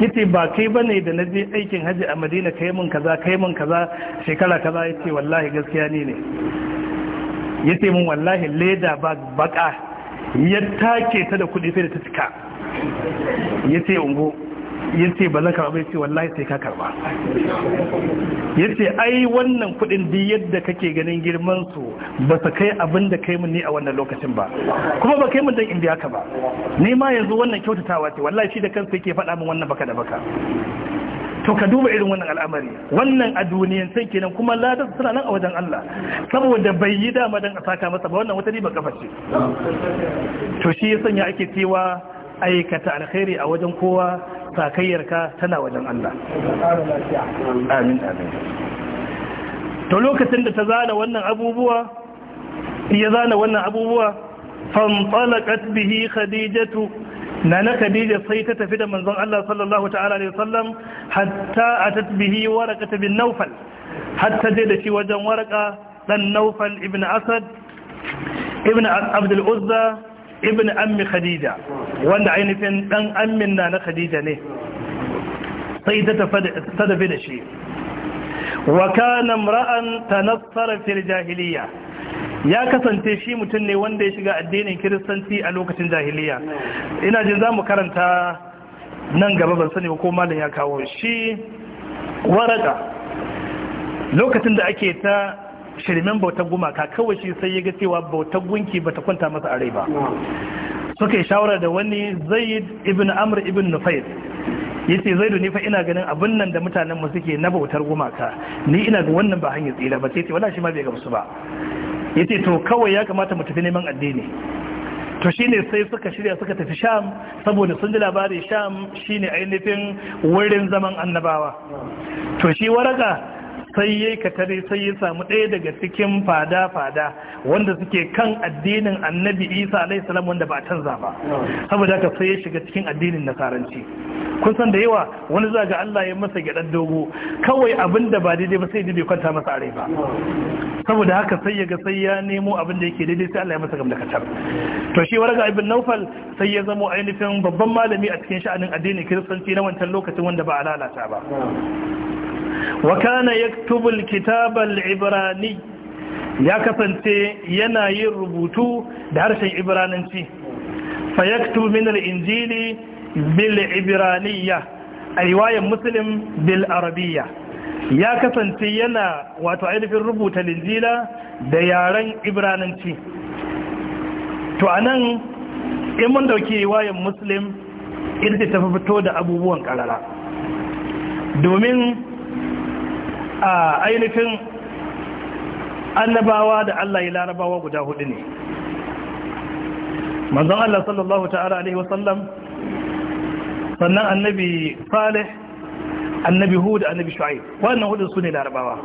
yace ba kai bane da na je aikin haji a madina kai mun kaza kai mun kaza shekara kaza yace wallahi gaskiya ni ne yace mun wallahi leda ba baka ya take ta da kudi sai da ta cika yace ungo ya ce ba zan karɓa ce wallahi sai ka karba. ya ce ai wannan kuɗin duk yadda kake ganin girman su ba su kai abin da kai mun ni a wannan lokacin ba kuma ba kai mun dan in ka ba ni ma yanzu wannan kyautatawa ce wallahi shi da kansa yake faɗa min wannan baka da baka to ka duba irin wannan al'amari wannan a duniyan san kenan kuma ladan suna nan a wajen Allah saboda bai yi dama don a saka masa ba wannan wata riba kafa ce to shi ya sanya ake cewa aikata alkhairi a wajen kowa sakayyarka tana wajen Allah amin amin to lokacin da ta zana wannan abubuwa ya zana wannan abubuwa fanfalakat bihi khadijatu na na khadija sai ta tafi da manzon Allah sallallahu ta'ala alaihi wasallam hatta atat bihi waraqat bin nawfal hatta je da shi wajen waraka ɗan nawfal ibn asad ibn abd uzza ibn ammi khadija wanda ainihin dan ammin na na khadija ne sai ta tafi da shi wa kana imra'an tanassara fil jahiliya ya kasance shi mutum ne wanda ya shiga addinin kiristanci a lokacin jahiliya ina jin zamu karanta nan gaba ban sani ko malam ya kawo shi waraka lokacin da ake ta shirmen bautar gumaka kawai shi sai ya ga cewa bautar gunki ba ta kwanta masa a rai ba suka yi shawara da wani zaid ibn amr ibn nufayt yace zaidu ni fa ina ganin abin nan da mutanen mu suke na bautar gumaka ni ina ga wannan ba hanyar tsira ba sai ce wala shi ma bai gamsu ba yace to kawai ya kamata mu tafi neman addini to shine sai suka shirya suka tafi sham saboda sun ji labari sham shine ainihin wurin zaman annabawa to shi waraka sai ka tare sai ya samu ɗaya daga cikin fada-fada wanda suke kan addinin annabi isa alaihi salam wanda ba a canza ba saboda haka sai ya shiga cikin addinin nasaranci kun san da yawa wani za ga Allah ya masa gyaɗar dogo kawai abin da ba daidai ba sai daidai kwanta masa arai ba saboda haka sai ya ga sai ya nemo abin da yake daidai sai Allah ya masa gamda katar to shi warga ibn naufal sai ya zamo ainihin babban malami a cikin sha'anin addinin kiristanci na wancan lokacin wanda ba a lalata ba wa kana yaktubu alkitaba ibrani ya kasance yana yin rubutu da harshen ibrananci fa yaktubu min Injili bil ibraniyya a riwayar muslim bil arabiyya ya kasance yana wato ainihin rubuta linjila da yaren ibrananci to a nan in mun dauki wayan muslim irti ta fito da abubuwan karara domin a ainihin annabawa da Allah ya larabawa guda hudu ne manzon Allah sallallahu ta'ala alaihi wasallam sannan annabi Salih annabi Hud annabi Shu'aib wannan hudu su ne larabawa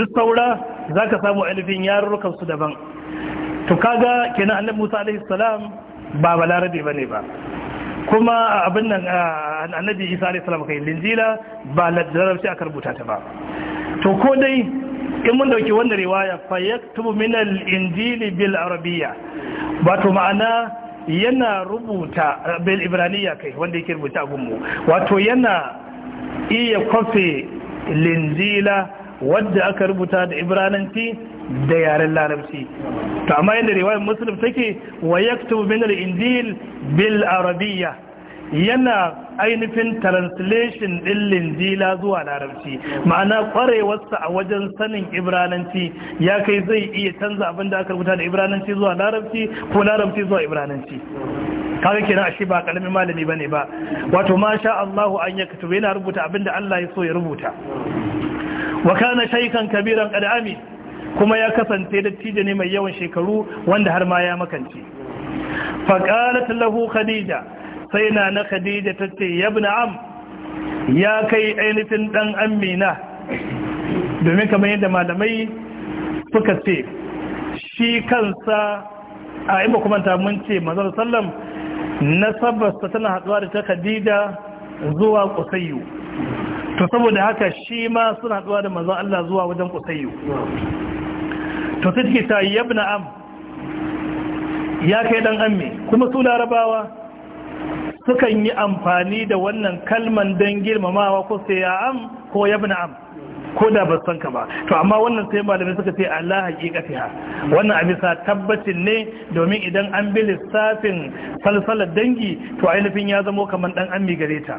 duk saura zaka samu ainihin yarurrukan su daban to kaga kenan annabi Musa alaihi salam ba balarabe ne ba kuma abin nan annabi isa alaihi salam kai linjila ba larabci aka rubuta ta ba to ko dai in mun dauki wannan riwaya fa yaktubu min al-injili bil arabiyya wato ma'ana yana rubuta bil ibraniyya kai wanda yake rubuta a gunmu wato yana iya kwafe linjila wadda aka rubuta da ibrananti da yaren larabci to amma yadda riwayar muslim take wa yaktubu min al-injil bil arabiyya yana ainihin translation ɗin linjila zuwa larabci ma'ana kwarewarsa a wajen sanin ibrananci ya kai zai iya canza abin da aka rubuta da ibrananci zuwa larabci ko larabci zuwa ibrananci kaga kenan ashe ba kalamin malami bane ba wato masha Allah an ya yana rubuta abin da Allah ya so ya rubuta wa kana shaykan kabiran qad kuma ya kasance dattijo ne mai yawan shekaru wanda har ma ya makance faqalat lahu khadija sai na na khadija tace ya ibn am ya kai ainihin dan amina domin kamar yadda malamai suka ce shi kansa a ibo kuma ta mun ce manzon sallam nasabarsa tana haɗuwa da ta khadija zuwa kusayyu to saboda haka shi ma suna haɗuwa da manzon Allah zuwa wajen kusayyo to sai take ta yabna am ya kai dan amme kuma su larabawa sukan yi amfani da wannan kalman dan girmamawa ko sai ya am ko yabna am ko da ba san ka ba to amma wannan sai malamai suka ce Allah ha, wannan a bisa tabbacin ne domin idan an bi lissafin salsalar dangi to ainihin ya zamo kamar dan ammi gare ta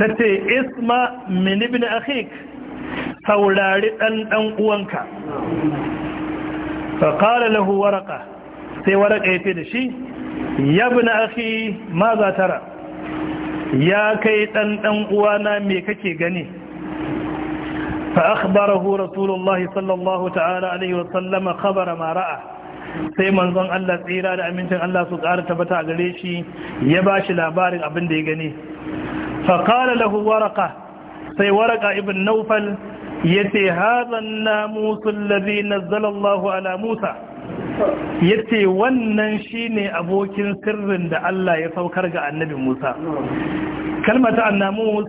tace isma min ibn akhik saurari dan dan uwanka fa qala lahu waraqa sai ya yace da shi ya ibn akhi ma za tara ya kai dan dan uwana me kake gani فأخبره رسول الله صلى الله تعالى عليه وسلم خبر ما رأى sai manzon Allah tsira da amincin Allah su ƙara tabbata a gare shi ya ba shi labarin abin da ya gani faƙala lahu waraka sai waraka ibn naufal ya ce hazan na musul lazi nazzalallahu ala musa ya ce wannan shine abokin sirrin da Allah ya saukar ga annabi musa kalmata annamus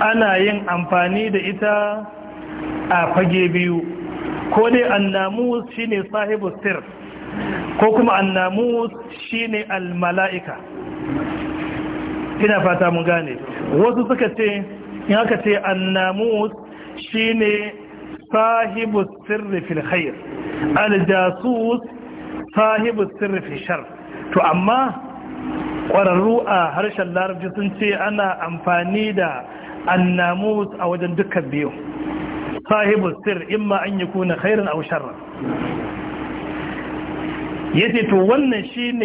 ana yin amfani da ita a fage biyu ko dai annamus shine sahibu sir ko kuma annamus shine almala'ika ina fata mun gane wasu suka ce in aka ce annamus shine sahibu sirri fil khair aljasus sahibu sirri fil shar to amma ƙwararru a harshen larabci sun ce ana amfani da annamus a wajen dukkan biyu sahibu sir imma an yi kuna khairin aw sharran yace to wannan shine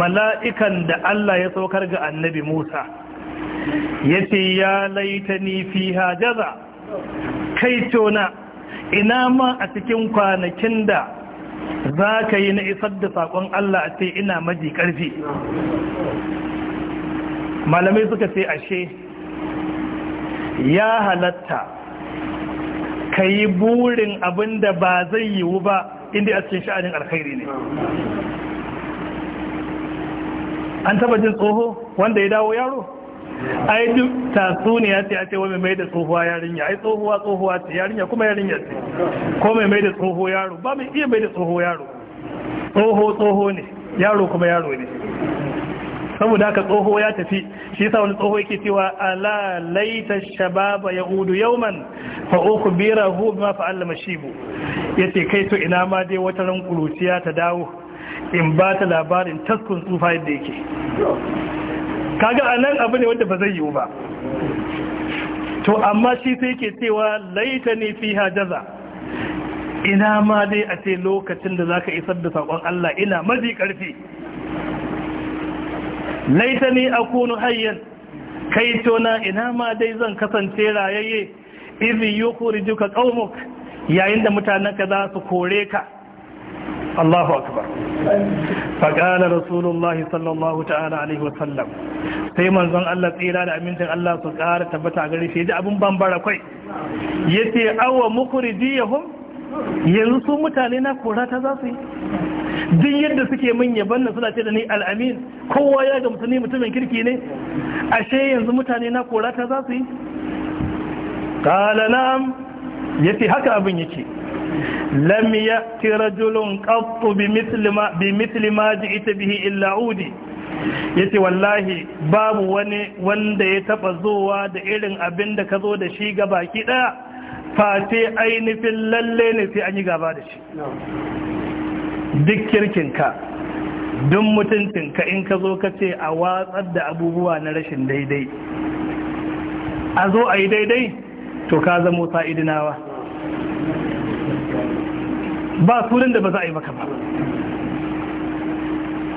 mala'ikan da Allah ya saukar ga annabi Musa yace ya laitani fiha jaza kai tona ina ma a cikin kwanakin da za ka yi na isar da sakon Allah a ce ina maji ƙarfi malamai suka ce ashe ya halatta ka yi burin abin da ba zai yiwu ba inda a cikin sha'anin alkhairi ne an taba jin tsoho wanda ya dawo yaro ai duk tatsuniya ce a ce wa mai mai da tsohuwa yarinya ai tsohuwa tsohuwa ce yarinya kuma yarinya ce ko mai mai da tsoho yaro ba mai iya mai da tsoho yaro tsoho tsoho ne yaro kuma yaro ne saboda haka tsoho ya tafi shi sa wani tsoho yake cewa ala laita shababa yaudu yawman fa ma bima fa'ala mashibu yace kai to ina ma dai wata ran kuruciya ta dawo in ba ta labarin taskun tsufa yadda yake kaga anan abu ne wanda ba zai yiwu ba to amma shi sai ke cewa laita ne fi jaza ina ma dai a ce lokacin da zaka isar da sakon Allah ina mazi karfi laitani kunu hayyan kai tona ina ma dai zan kasance rayayye izi yukhrijuka qaumuk yayin da mutanenka za su kore ka Allahu akbar faqala rasulullahi sallallahu ta'ala alaihi wasallam sai manzon Allah tsira da amincin Allah su ƙara tabbata gare shi da abun bambara kai yace awa mukhrijiyahum yanzu su mutane na kora ta za su yi duk yadda suke min yaban nan suna ce da ni al'amin kowa ya ga mutane mutumin kirki ne ashe yanzu mutane na korata za su yi kala ya ce haka abin yake lam ti rajulun qattu bi mithli ma bi mithli bihi illa udi yace wallahi babu wani wanda ya taba zowa da irin abin da ka zo da shi ga baki daya face ainihin lalle ne sai an yi gaba da shi duk kirkinka duk ka in ka zo ka ce a watsar da abubuwa na rashin daidai a zo a yi daidai to ka zamo sa'idinawa ba sunan da ba za a yi maka ba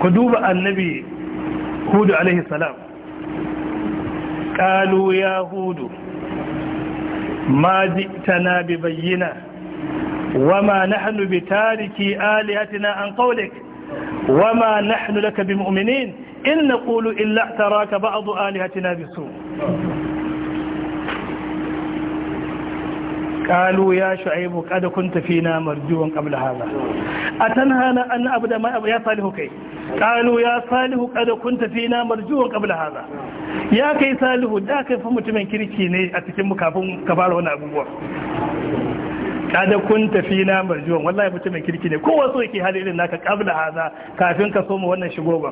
ku duba annabi hudu alaihi salam ƙalu ya hudu ma ji tana bi bayyana وما نحن بتاركي آلهتنا عن قولك وما نحن لك بمؤمنين إن نقول إلا اعتراك بعض آلهتنا بسوء قالوا يا شعيب قد كنت فينا مرجوا قبل هذا أتنهانا أن أبدا ما يا صالح كي قالوا يا صالح قد كنت فينا مرجوا قبل هذا يا كي صالح دا كيف متمن كريكي ني أتكي مكافون كبار هنا أبوه kada kun tafi na marjuwan wallahi mutumin kirki ne kowa so yake hali irin naka kabla haza kafin ka soma wannan shigo ba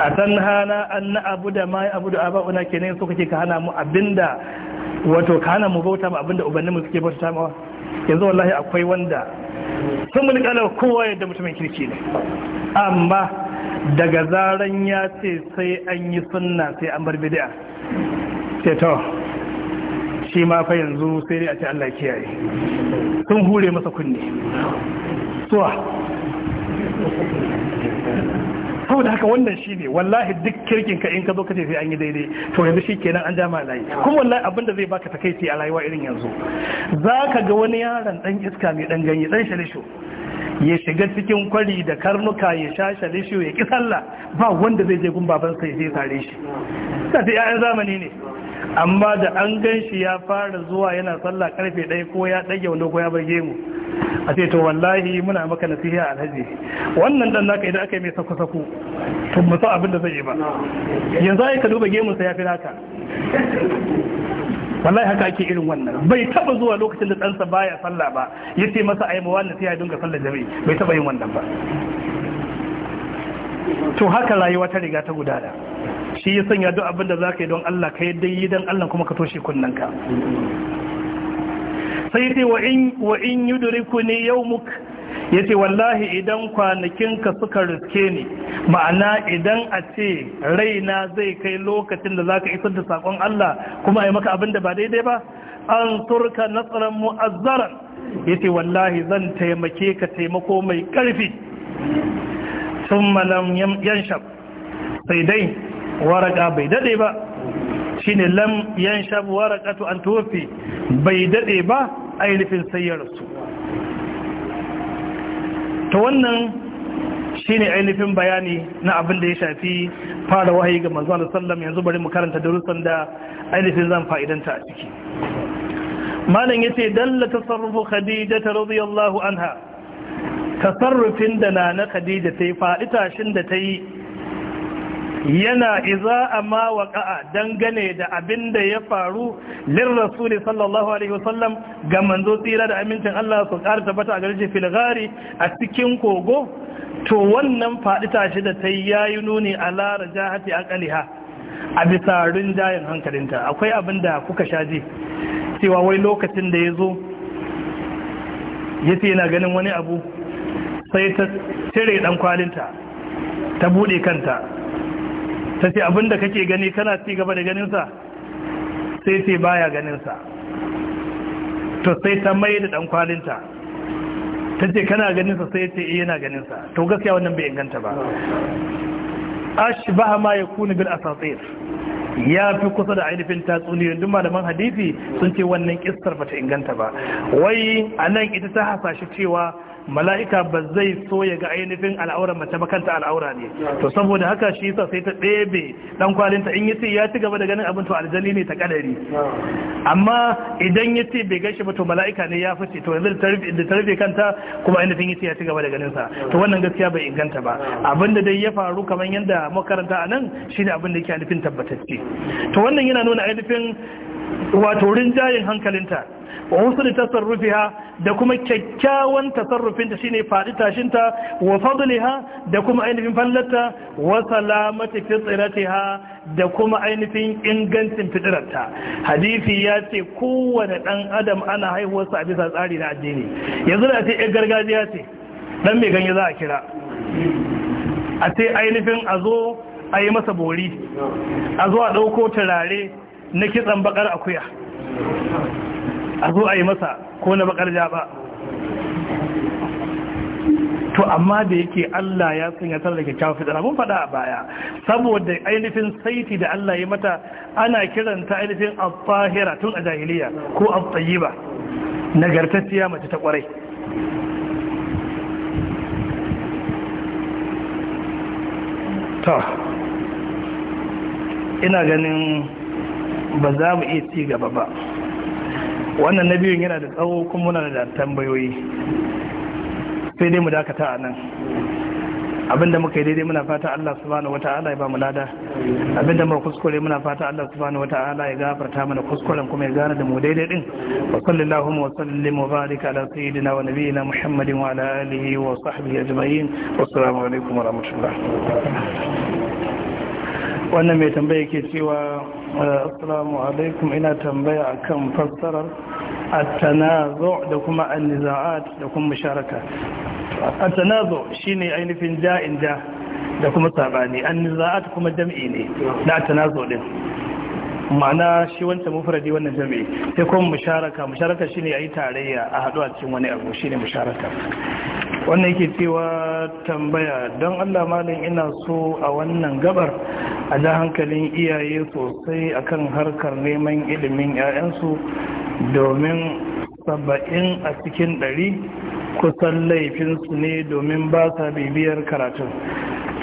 a san hana an na abu da ma abu da aba una kenan so kake ka hana mu abinda wato ka hana mu bauta mu abinda ubanninmu suke bauta mawa yanzu wallahi akwai wanda sun kala kowa yadda mutumin kirki ne amma daga zaran ya ce sai an yi sunna sai an bar bid'a sai to shi ma fa yanzu sai dai a ce Allah kiyaye sun hure masa kunne suwa saboda haka wannan shi ne wallahi duk kirkin ka in ka zo kace sai an yi daidai to yanzu shi kenan an jama layi kuma wallahi abin da zai baka takaici a rayuwa irin yanzu za ka ga wani yaron dan iska mai dan ganye dan shalisho ya shiga cikin kwari da karnuka ya sha shalisho ya ki sallah ba wanda zai je gun babansa ya je sare shi sai 'ya'yan zamani ne amma da an gan shi ya fara zuwa yana sallah karfe ɗaya ko ya ɗage wanda ko ya bar gemu a ce to wallahi muna maka nasiha alhaji wannan dan naka idan aka yi mai sako-sako to musa abin da zai yi ba yanzu ai ka duba gemun sa ya fi naka wallahi haka ake irin wannan bai taba zuwa lokacin da ɗansa baya sallah ba ya ce masa yi mawa nasiha dinga sallah jami'i bai taba yin wannan ba to haka rayuwa ta riga ta gudana shi ya sanya duk abin da za ka yi don Allah ka yi dai don Allah kuma ka toshe kunnanka sai ce wa in yi duriku ne yau muk ya ce wallahi idan kwanakinka suka riske ne ma'ana idan a ce raina zai kai lokacin da za ka isar da sakon Allah kuma a yi maka abin da ba daidai ba an turka nasarar mu'azzaran ya ce wallahi zan taimake ka taimako mai ƙarfi sun malam yanshaf sai dai waraka bai dade ba shine lam yanshab waraqatu an tuwfi bai dade ba ainihin sayyarsu ta wannan shine ainihin bayani na abin da ya shafi fara wahayi ga manzo Allah sallam yanzu bari mu karanta darussan da ainihin zan fa'idanta a ciki malam yace dalla tasarrufu khadija radiyallahu anha tasarrufin da na na khadija tayi fa'ita tashin da tayi yana iza amma waƙa'a dangane da abin da ya faru lir rasuli sallallahu alaihi wasallam ga manzo tsira da amincin Allah su ƙara tabbata a garje filgari a cikin kogo to wannan faɗi tashi da ta yayi nuni ala rajahati aqaliha a bisa rinjayen hankalinta akwai abin da kuka shaji cewa wai lokacin da ya zo yace yana ganin wani abu sai ta cire dan kwalinta ta buɗe kanta ta ce abinda kake gani kana ci gaba da ganinsa sai ce baya ganinsa to sai ta mai da ɗankwalinta ta ce kana ganinsa sai ce eh yana ganinsa to gaskiya wannan bai inganta ba ashbaha ma ya yakunu bil asatir ya fi kusa da ainihin tatsuniyoyin duk malaman hadisi sun ce wannan kistar ba ta inganta ba wai anan ita ta hasashe cewa mala'ika ba zai so ya ga ainihin al'aura mace ba kanta al'aura ne to saboda haka shi yasa sai ta ɗebe dan kwalinta in yace ya ci gaba da ganin abin to aljali ne ta kadari amma idan yace bai gaishe ba to mala'ika ne ya fice to yanzu da ta kanta kuma ainihin yace ya ci gaba da ganin sa to wannan gaskiya bai inganta ba abin da dai ya faru kamar yadda makaranta a nan shine abin da yake ainihin tabbatacce to wannan yana nuna ainihin wato rinjayen hankalinta wa husni tasarrufiha da kuma kyakkyawan tasarrufinta shine fadi tashinta wa fadliha da kuma ainihin fallarta wa salamati da kuma ainihin ingancin fitrarta hadisi ya ce kowane dan adam ana haihuwarsa a bisa tsari na addini yanzu da ce gargajiya ce dan mai ganye za a kira a ce ainihin a zo a yi masa bori a zo a ɗauko turare na kitsan bakar akuya a zo a yi masa ko na bakar jaba to amma da yake Allah ya sanya tare da kyakkyawa fitsara mun faɗa a baya saboda ainihin saiti da Allah ya mata ana kiranta ainihin al-fahira tun a jahiliya ko al-tayyiba nagartacciya mace ta kwarai ta ina ganin ba za mu iya ci gaba ba wannan na biyun yana da tsawo kuma muna da tambayoyi sai dai mu dakata a nan abinda muka yi daidai muna fata Allah subhanahu wata'ala ya ba mu lada abinda muka kuskure muna fata Allah subhanahu wata'ala ya gafarta mana kuskuren kuma ya gane da mu daidai din wa sallallahu wa sallim wa barika ala sayyidina wa nabiyina muhammadin wa ala alihi wa sahbihi ajma'in assalamu alaikum wa rahmatullah wannan mai tambaya ke cewa eh, assalamu alaikum ina tambaya akan fassarar Atanazo da kuma an da kuma musharaka Atanazo shine ainihin da'in da da kuma sabani an kuma jam'i ne da Atanazo din ma'ana shi wancan mufradi wannan jami'i sai kuma musharaka musharaka shine ayi tarayya a haɗu a cikin wani abu shine musharaka wannan yake cewa tambaya don Allah malin ina so a wannan gabar a ja hankalin iyaye sosai akan harkar neman ilimin 'ya'yansu domin saba'in a cikin ɗari kusan laifinsu ne domin ba sa bibiyar karatun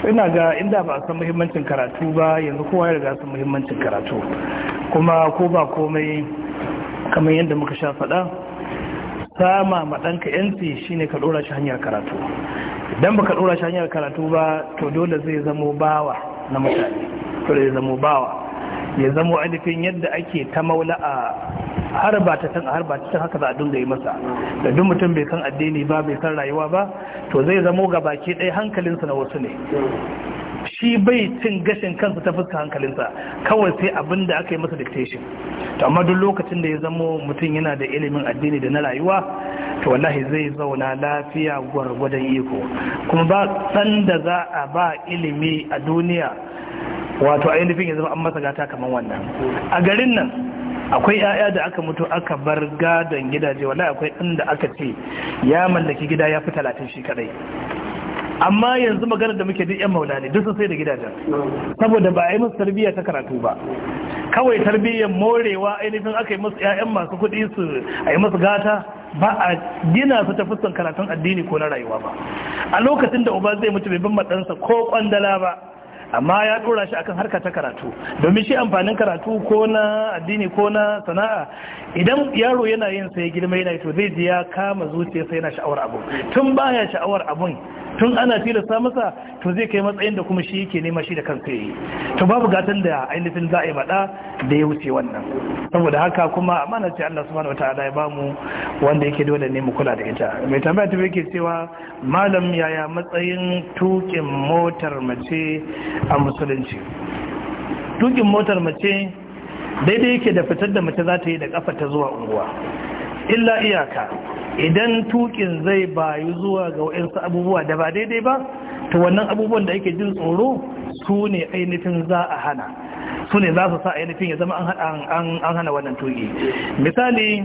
ina ga inda ba a san muhimmancin karatu ba yanzu kowa ya riga san muhimmancin karatu kuma ko ba komai kamar yadda muka sha faɗa sama maɗanka ɗanka shi ne ka ɗora shi hanyar karatu idan ba ka ɗora shi hanyar karatu ba to dole zai zamo bawa na mutane dole zai zamo bawa ya zamo alifin yadda ake ta maula a harba ta san a harba ta san haka za a dinga yi masa da duk mutum bai san addini ba bai san rayuwa ba to zai zama ga baki ɗaya hankalinsa na wasu ne shi bai cin gashin kansa ta fuska hankalinsa kawai sai abin da aka yi masa dictation to amma duk lokacin da ya zama mutum yana da ilimin addini da na rayuwa to wallahi zai zauna lafiya gwargwadon iko kuma ba san da za a ba ilimi a duniya wato ainihin ya zama an masa gata kamar wannan a garin nan akwai 'ya'ya da aka mutu aka bar gadon gidaje wala akwai inda aka ce ya mallaki gida ya fi talatin shi kadai amma yanzu maganar da muke duk yan maula duk sun sai da gidajen saboda ba a yi musu tarbiyya ta karatu ba kawai tarbiyyar morewa ainihin aka yi musu 'ya'yan masu kuɗi su a yi musu gata ba a gina su ta fuskan karatun addini ko na rayuwa ba a lokacin da uba zai mutu bai bin matsansa ko kwandala ba amma ya dora shi akan harka ta karatu domin shi amfanin karatu ko na addini ko na sana'a idan yaro yana yin sai girma yana to zai ji ya kama zuciya sai yana sha'awar abu tun baya sha'awar abun tun ana tilasta masa to zai kai matsayin da kuma shi yake nema shi da kansa yi to babu gatan da ainihin za a yi bada da ya wuce wannan saboda haka kuma amana ce Allah subhanahu wataala ya bamu wanda yake dole ne mu kula da ita mai tambaya ta yake cewa malam yaya matsayin tukin motar mace a musulunci tukin motar mace daidai yake da fitar da mace za ta yi da kafa ta zuwa unguwa illa iyaka idan tukin zai bayu zuwa ga wa'insu abubuwa da ba daidai ba to wannan abubuwan da ake jin tsoro su ne ainihin za a hana su ne za su sa ainihin ya zama an hana wannan tuki misali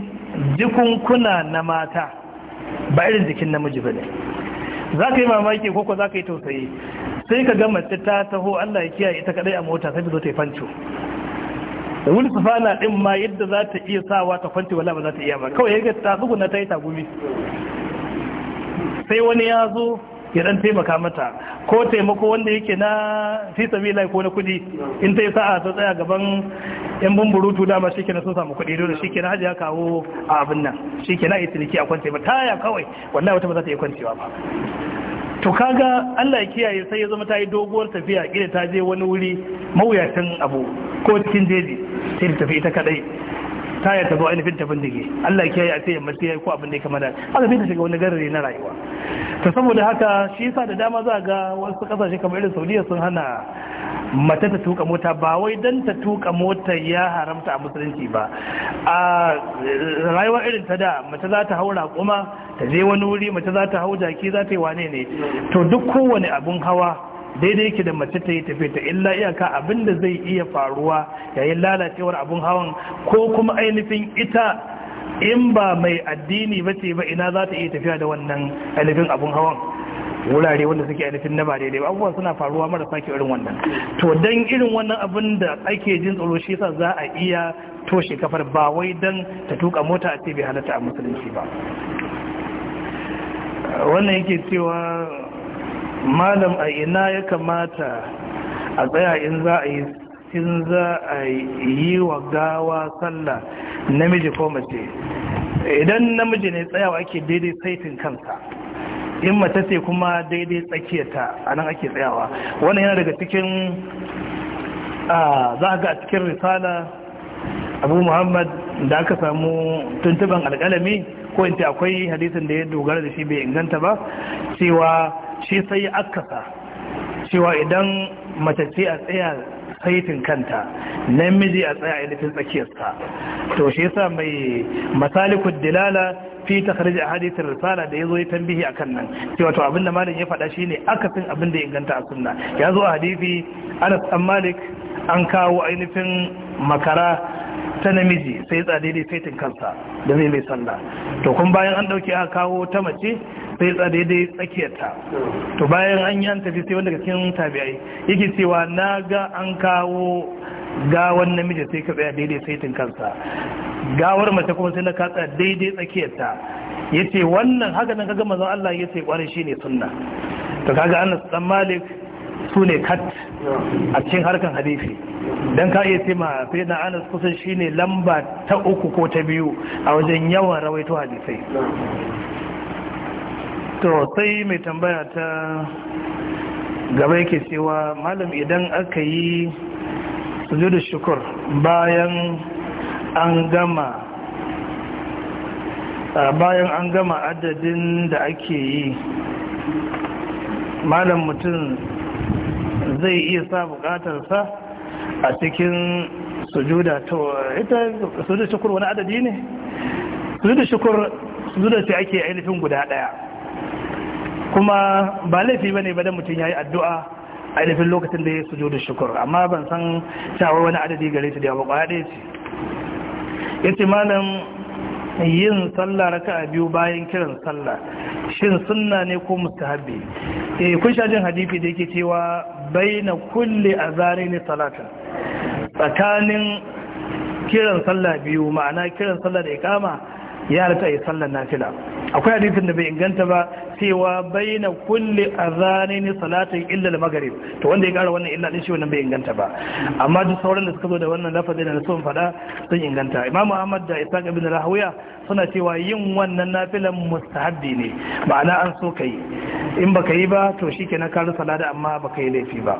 jikunkuna na mata ba irin jikin namiji ba ne za ka yi mamaki ko ko za ka yi tausayi sai ka ga mace ta taho Allah ya kiyaye ita kadai a mota sai zo ta yi fanco da wani sufana din ma yadda za ta iya sawa ta fanci wala ba za ta iya ba kawai ya ga ta tsuguna ta yi tagumi sai wani ya zo ya dan taimaka mata ko taimako wanda yake na fi sabila ko na kudi in ta yi sa'a ta tsaya gaban yan bumburutu dama shi kenan sun samu kudi dole shi kenan hajji ya kawo a abin nan shi kenan ya tiliki a kwance ba taya kawai wannan wata ba za ta iya kwancewa ba to kaga Allah ya kiyaye sai ya zama ta yi doguwar tafiya kila ta je wani wuri mawuyacin abu ko cikin jeji sai ta tafi ita kadai taya ta zo ainihin ta bindige Allah ke ya yi ya mace ko abin da ya kamata haka sai ta shiga wani garare na rayuwa to saboda haka shi yasa da dama za ga wasu kasashe kamar irin Saudiya sun hana mata ta tuka mota ba wai dan ta tuka mota ya haramta a musulunci ba a rayuwa irin ta da mace za ta haura kuma ta je wani wuri mace za ta hau jaki za ta yi wane ne to duk kowane abun hawa daidai yake da mace ta yi tafiya ta illa iyaka abin da zai iya faruwa yayin lalacewar abun hawan ko kuma ainihin ita in ba mai addini ba ce ba ina za ta iya tafiya da wannan ainihin abin hawan wurare wanda suke ainihin na ba daidai ba abubuwa suna faruwa mara sake irin wannan to dan irin wannan abin da ake jin tsoro shi sa za a iya toshe kafar ba wai dan ta tuka mota a ce bai halatta a musulunci ba wannan yake cewa malam a ina ya kamata a tsaya in za a yi sin za a yi wa gawa sallah namiji ko mace idan namiji ne tsayawa ake daidai saitin kansa in mace ce kuma daidai tsakiyarta a nan ake tsayawa wannan yana daga cikin za a ga cikin risala abu muhammad da aka samu tuntuban alƙalami ko in ce akwai hadisin da ya dogara da shi bai inganta ba cewa shi sai ya akasa cewa idan mace ce a tsaya saitin kanta namiji a tsaya ainihin tsakiyarsa to shi yasa mai masalikud dilala fi takhrij ahadith risala da yazo ya tambihi akan nan cewa to abinda malam ya faɗa shine akasin abinda ya inganta a sunna yazo a hadisi Anas bin Malik an kawo ainihin makara ta namiji sai tsadidi saitin kansa da zai mai sallah to kun bayan an dauke aka kawo ta mace sai tsa daidai tsakiyarta to bayan an yi an tafi sai wanda cikin tabi'ai yake cewa na ga an kawo gawan namiji sai ka tsaya daidai saitin kansa gawar mace kuma sai na katsa daidai tsakiyarta ya ce wannan haka nan kaga mazan Allah ya ce kwarai shi ne sunna to kaga anas dan malik su ne kat a cikin harkan hadisi don ka iya tema sai na anas kusan shine lamba ta uku ko ta biyu a wajen yawan rawaito hadisai to sai mai tambaya ta gaba yake cewa malam idan aka yi sujudu shukur bayan an gama bayan an gama adadin da ake yi malam mutum zai iya sa bukatarsa a cikin sujuda to ita sujuda shukur wani adadi ne sujuda shukur sujuda ce ake ainihin guda daya kuma ba laifi ne ba da mutum yi addu'a a ainihin lokacin da ya sujudu shukr amma ban san cewa wani adadi gare ta da ba kwaya ɗaya ce yace malam yin sallah raka'a biyu bayan kiran sallah shin sunna ne ko mustahabi eh kun sha jin hadisi da yake cewa baina kulli azarin salata tsakanin kiran sallah biyu ma'ana kiran sallah da ikama ya rata yi sallar nafila akwai hadisin da bai inganta ba cewa baina kulli azanin salatin illa al-maghrib to wanda ya kara wannan illa din shi wannan bai inganta ba amma duk sauran da suka zo da wannan lafazi da sun fada sun inganta imamu ahmad da isaac ibn rahawiya suna cewa yin wannan nafilan mustahabbi ne ma'ana an so kai in baka yi ba to shikenan ka rusa lada amma baka yi laifi ba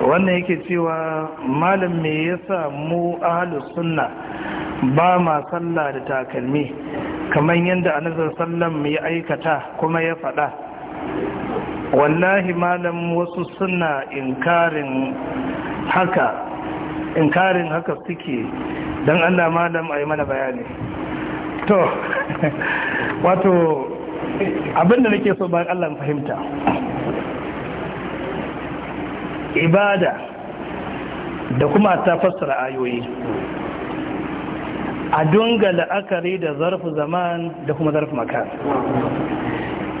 wannan yake cewa malam me yasa mu ahlus sunna ba ma sallah da takalmi kamar yadda annabi sallam ya aikata kuma ya faɗa wallahi malam wasu suna inkarin haka inkarin haka suke don allah malam a yi mana bayani to wato abinda nake so ba allah fahimta ibada da kuma ta fassara ayoyi a dunga la'akari da zarfi zaman da kuma zarfi makar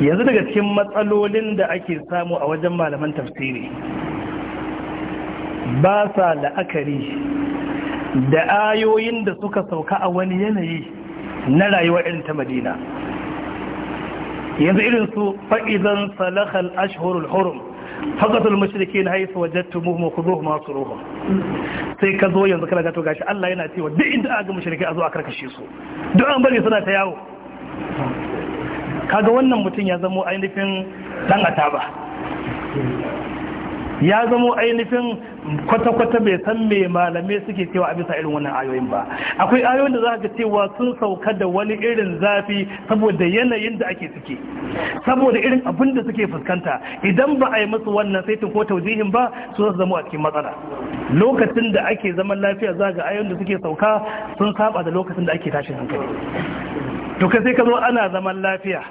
yanzu daga cikin matsalolin da ake samu a wajen malaman tafsiri ba sa la'akari da ayoyin da suka sauka a wani yanayi na rayuwa irin ta madina yanzu irin su fa'izan salakal ashhurul hurum faqatul mushrikin haythu wajadtumuhum khuduhum wasruhum sai ka zo yanzu kana ga to gashi Allah yana cewa duk inda aka ga mushrike a a karkashe su duk an bari suna ta yawo kaga wannan mutum ya zamo ainihin dan ataba ya zamo ainihin kwata-kwata bai san me malamai suke cewa a bisa irin wannan ayoyin ba akwai ayoyin da za ka cewa sun sauka da wani irin zafi saboda yanayin da ake suke saboda irin abin da suke fuskanta idan ba a yi musu wannan saitin ko taujihin ba su su zama a cikin matsala lokacin da ake zaman lafiya za ga ayoyin da suke sauka sun saba da lokacin da ake tashin hankali to kai sai ka zo ana zaman lafiya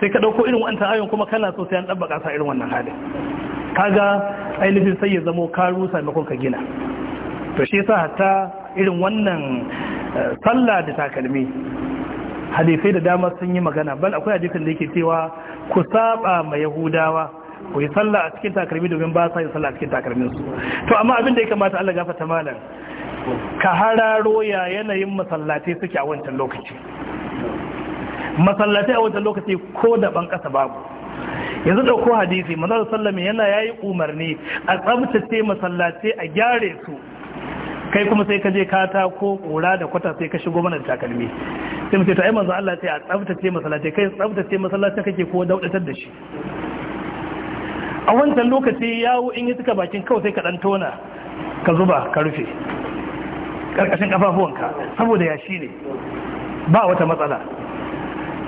sai ka ɗauko irin wa'anta ayon kuma kana so sai an ɗabbaka sa irin wannan halin kaga ainihin sai ya zamo karu rusa kuka ka gina to shi sa hatta irin wannan eh, sallah da takalmi hadisai da dama sun yi magana bal akwai hadisin da yake cewa ku saba ma yahudawa ku yi sallah a cikin takalmi domin ba sa yi sallah a cikin takalmi su to amma abin da ya kamata Allah ta malam ka hararo ya yanayin masallatai suke a wancan lokaci masallatai a wancan lokaci ko da ban kasa babu yanzu ɗauko hadisi manzon sallam yana yayi umarni a tsabtace masallace a gyare su kai kuma sai ka je kata ko kura da kwata sai ka shigo mana da takalmi sai mu ce to ai Allah sai a tsabtace masallace kai tsabtace masallaci kake ko daudatar da shi a wancan lokaci yawo in yi suka bakin kawai sai ka dan tona ka zuba ka rufe karkashin kafafuwanka saboda yashi ne ba wata matsala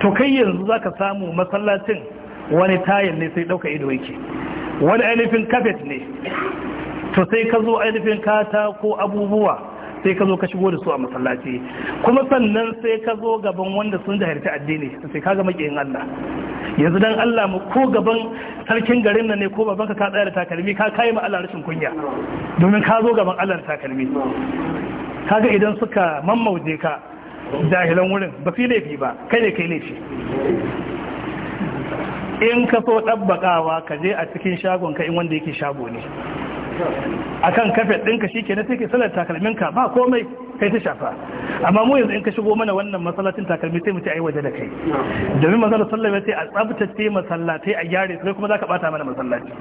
to kai yanzu zaka samu masallacin wani tayin ne sai ɗauka ido yake wani ainihin kafet ne to sai ka zo ainihin kata ko abubuwa sai ka zo ka shigo da su a masallaci kuma sannan sai ka zo gaban wanda sun da harfi addini sai ka ga makiyin Allah yanzu dan Allah mu ko gaban sarkin garin nan ne ko baban ka ka tsaya da takalmi ka kai ma Allah rashin kunya domin ka zo gaban Allah da takalmi kaga idan suka mammauje ka jahilan wurin ba fi laifi ba kai ne kai laifi in ka so ɗabbaƙawa ka je a cikin shagon ka in wanda yake shago ne a kan kafet ɗinka shi ke na take salar takalminka ba komai kai ta shafa amma mu yanzu in ka shigo mana wannan masallacin takalmi sai a yi waje da kai domin matsalar sallama sai a tsabtace masallatai a gyare sai kuma za ka ɓata mana masallaci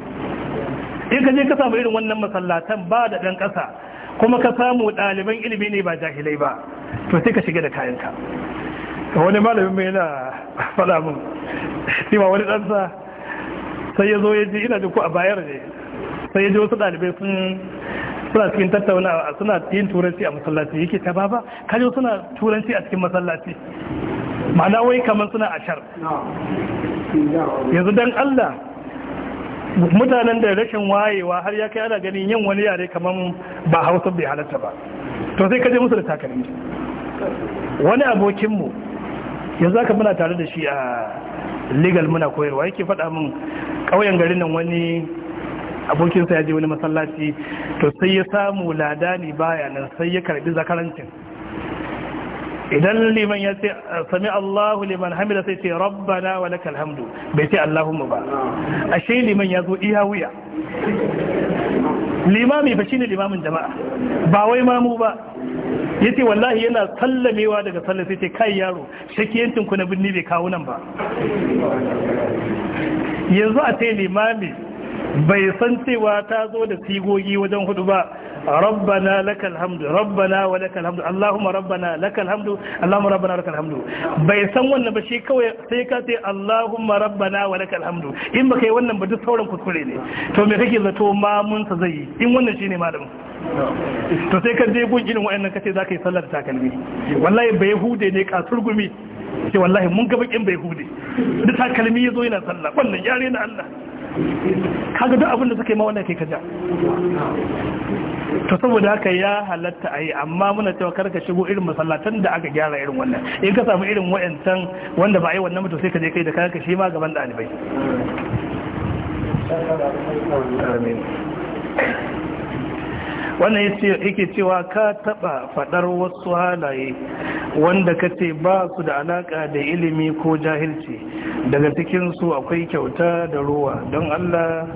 in ka je ka samu irin wannan masallatan ba da ɗan ƙasa kuma ka samu ɗaliban ilimi ne ba jahilai ba to sai ka shiga da kayanka wani malamin mai yana fada mun shi ma wani ɗansa sai ya zo ya ji ina jiko a bayar ne sai ya ji wasu ɗalibai sun suna cikin tattaunawa suna yin turanci a masallaci yake ta ba kajo suna turanci a cikin masallaci ma'ana wai kamar suna ashar yanzu don allah mutanen da rashin wayewa har ya kai ana ganin yin wani yare kamar ba hausa bai halatta ba to sai kaje musu da takalmi wani abokinmu yanzu aka muna tare da shi a legal muna koyarwa yake faɗa min ƙauyen garin nan wani abokinsa ya je wani masallaci to sai ya samu ladani baya nan sai ya karbi zakarancin idan liman ya ce sami Allahu liman hamida sai ce rabbana wa lakal hamdu bai ce allahu ba ashe liman ya zo iya wuya limami ba shine limamin jama'a ba wai mamu ba yace wallahi yana sallamewa daga sallar sai ce kai yaro shakiyancin ku na birni bai kawo nan ba yanzu a ce limami bai san cewa ta zo da sigogi wajen hudu ba rabbana lakal hamdu rabbana wa lakal hamdu allahumma rabbana lakal hamdu allahumma rabbana lakal hamdu bai san wannan ba shi kawai sai ka ce allahumma rabbana wa lakal hamdu in baka yi wannan ba duk sauran kuskure ne to me kake zato mamunsa zai yi in wannan shine malamin to sai ka je gun irin wayannan kace zaka yi sallar takalmi wallahi bai hude ne ka turgumi ce wallahi mun ga bakin bai hude da takalmi yazo yana sallah wannan yare na Allah kaga duk abin da suka yi ma wannan kai kaja to saboda haka ya halatta a yi amma muna cewa karka shigo irin masallatan da aka gyara irin wannan in ka samu irin wayancan wanda ba a yi wannan mutu sai ka je kai da karka shi ma gaban ɗalibai Amin. wannan yake cewa ka taba fadar wasu halaye wanda ka ce ba su da alaka da ilimi ko jahilci daga cikinsu akwai kyauta da ruwa don allah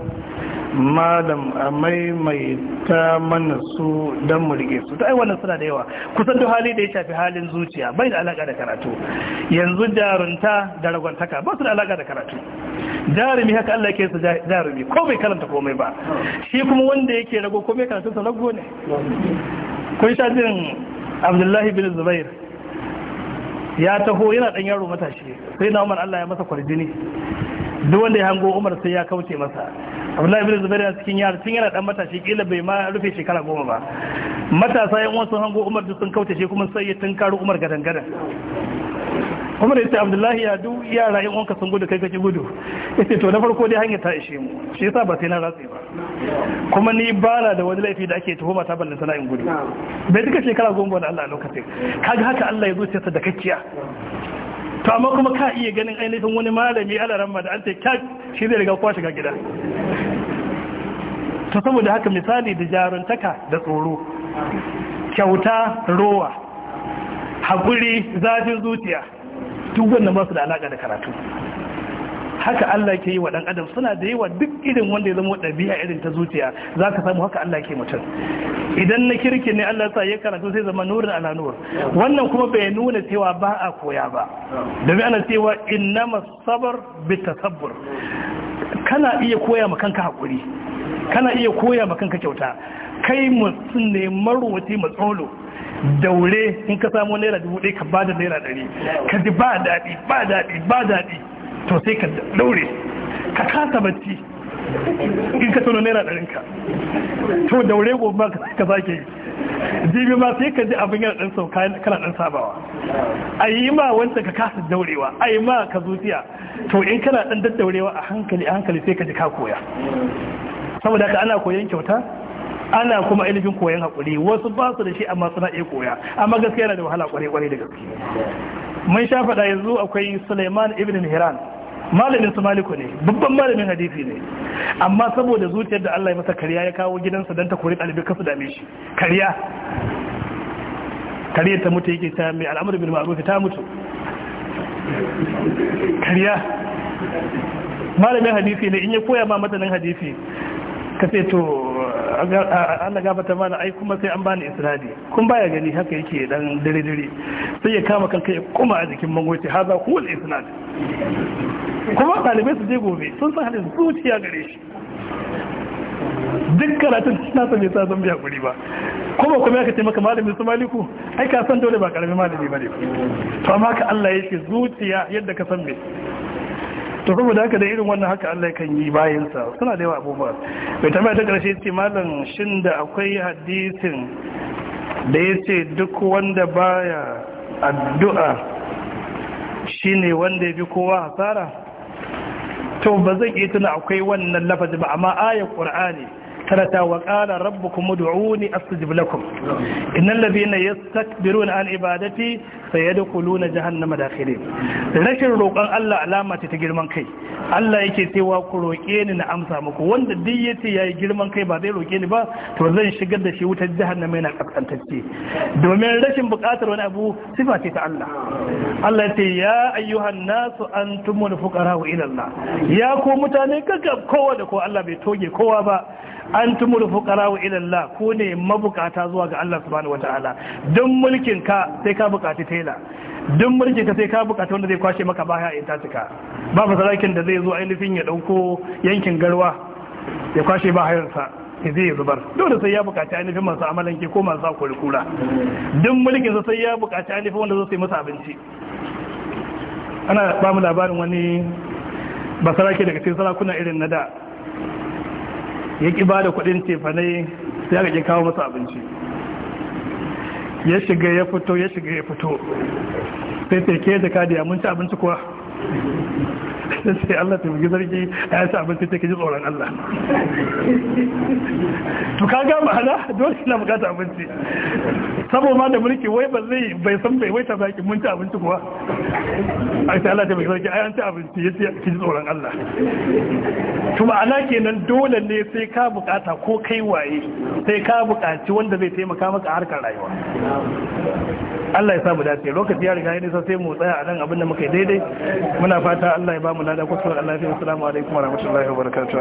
malam a maimaita mana su don mu rike su ta aiwannan suna da yawa kusan duk hali da ya shafi halin zuciya bai da alaka da karatu yanzu jarunta da ragwantaka ba su da alaka da karatu jarumi haka Allah ke su jarumi ko bai karanta komai ba shi kuma wanda yake rago ko bai karanta sa rago ne kun sha jin abdullahi bin zubair ya taho yana dan yaro matashi sai na umar Allah ya masa kwarjini duk wanda ya hango umar sai ya kauce masa abdullahi ibn zubair a cikin yara tun yana dan matashi kila bai ma rufe shekara goma ba matasa yan uwan hango umar duk sun kauce shi kuma sai ya tunkaro umar gadan gadan umar ya ce abdullahi ya duk yara yan uwanka sun gudu kai kake gudu yace to na farko dai hanya ta ishe mu shi yasa ba sai na ratse ba kuma ni bana da wani laifi da ake tuhuma ta ballan sana'in gudu bai duka shekara goma da Allah a lokacin kaga haka Allah ya ta da kakkiya to amma kuma ka iya ganin ainihin wani malami alaran ma da an ce shi zai riga kuwa shiga gida ta saboda haka misali da jaruntaka da tsoro kyauta rowa haƙuri zafin zuciya duk wannan masu da alaƙa da karatu haka Allah ke yi wa dan adam suna da yawa duk irin wanda ya zama ɗabi'a irin ta zuciya za ka samu haka Allah ke mutum idan na kirki ne Allah sa ya karatu sai zama nurin ala nur wannan kuma bai nuna cewa ba a koya ba domin ana cewa inna sabar bi tasabbur kana iya koya ma kanka hakuri kana iya koya ma kanka kyauta kai mutum ne marwaci matsolo daure in ka samu naira dubu ɗaya ka ba da naira ɗari ka ji ba daɗi ba daɗi ba daɗi to sai ka daure ka kasa bacci in ka tono naira ɗarinka to daure gobe ka sake yi jibi ma sai ka ji abin yana ɗan sauka kana ɗan sabawa a yi ma wanda ka kasa daurewa a yi ma ka zuciya to in kana ɗan daddaurewa a hankali a hankali sai ka ji ka koya saboda ka ana koyon kyauta ana kuma ilimin koyon haƙuri wasu ba su da shi amma suna iya koya amma gaskiya yana da wahala ƙwarai-ƙwarai da gaske mun sha faɗa yanzu akwai suleiman ibn hiran malamin su maliku ne babban malamin hadisi ne amma saboda zuciyar da Allah ya masa kariya ya kawo gidansa don ta kori ɗalibi kasu dame shi kariya kariya ta mutu yake ta mai al'amur bin ma'arufi ta mutu kariya malamin hadisi ne in ya koya ma matanin hadisi ka ce to Allah gafata mana ai kuma sai an bani isradi kun baya gani haka yake dan dare dare sai ya kama kanka ya kuma a jikin mangoci haza kuwa isnad kuma ɗalibai su je gobe sun san hadis zuciya gare shi duk karatun na san bai san biya kuɗi ba kuma kuma ya ce maka malami su maliku ai ka san dole ba karamin malami ba ne to amma ka Allah ya ce zuciya yadda ka san me to kuma da haka da irin wannan haka Allah kan yi bayansa suna da yawa abubuwa bai tambaya ta karshe ce malam shin da akwai hadisin da ya ce duk wanda baya addu'a shine wanda ya bi kowa hasara to ba zan iya tuna akwai wannan lafazi ba amma ayar ƙurani tana ta wa qala rabbukum ud'uni astajib lakum innal ladhina yastakbiruna an ibadati sayadkhuluna jahannama dakhirin rashin roƙon Allah alama ce ta girman kai Allah yake cewa ku roƙe ni na amsa muku wanda duk yace yayi girman kai ba zai roƙe ni ba to zan shigar da shi wutar jahannama yana kaskantacce domin rashin buƙatar wani abu sifa ce ta Allah Allah ce ya ayyuhan nasu antumul fuqara ila Allah ya ko mutane kaga kowa da ko Allah bai toge kowa ba an tumul fuqara wa ila Allah ko ne mabukata zuwa ga Allah subhanahu wataala dun mulkin ka sai ka bukaci tela dun mulkin ka sai ka bukata wanda zai kwashe maka baya a Ba ba sarakin da zai zo ainihin ya dauko yankin garwa ya kwashe bayarsa ya zai zubar dole sai ya bukaci ainihin masu amalanke ko masu kurkura dun mulkin sa sai ya bukaci ainihin wanda zai masa abinci ana ba mu labarin wani basarake daga cikin sarakuna irin na da ya ƙi ba da kuɗin tefanai sai aka ƙi kawo masa abinci ya shiga ya fito ya shiga ya fito sai teke da kadiya mun ci abinci kuwa sai Allah ta bugi sarki a sa abinci take ji tsoron Allah to ka ga ma'ana dole na bukata abinci saboda ma da mulki wai ba zai bai san bai waita zaki mun ci abinci kuwa a sai Allah ta bugi sarki a an ci abinci ya ce ji tsoron Allah to ma'ana kenan dole ne sai ka bukata ko kai waye sai ka bukaci wanda zai taimaka maka harkar rayuwa Allah ya samu dace lokaci ya riga ya nisa sai mu tsaya a nan abin da muka daidai muna fata Allah ya ba mu lada kusa da Allah ya fi assalamu alaikum wa rahmatullahi wa barakatuh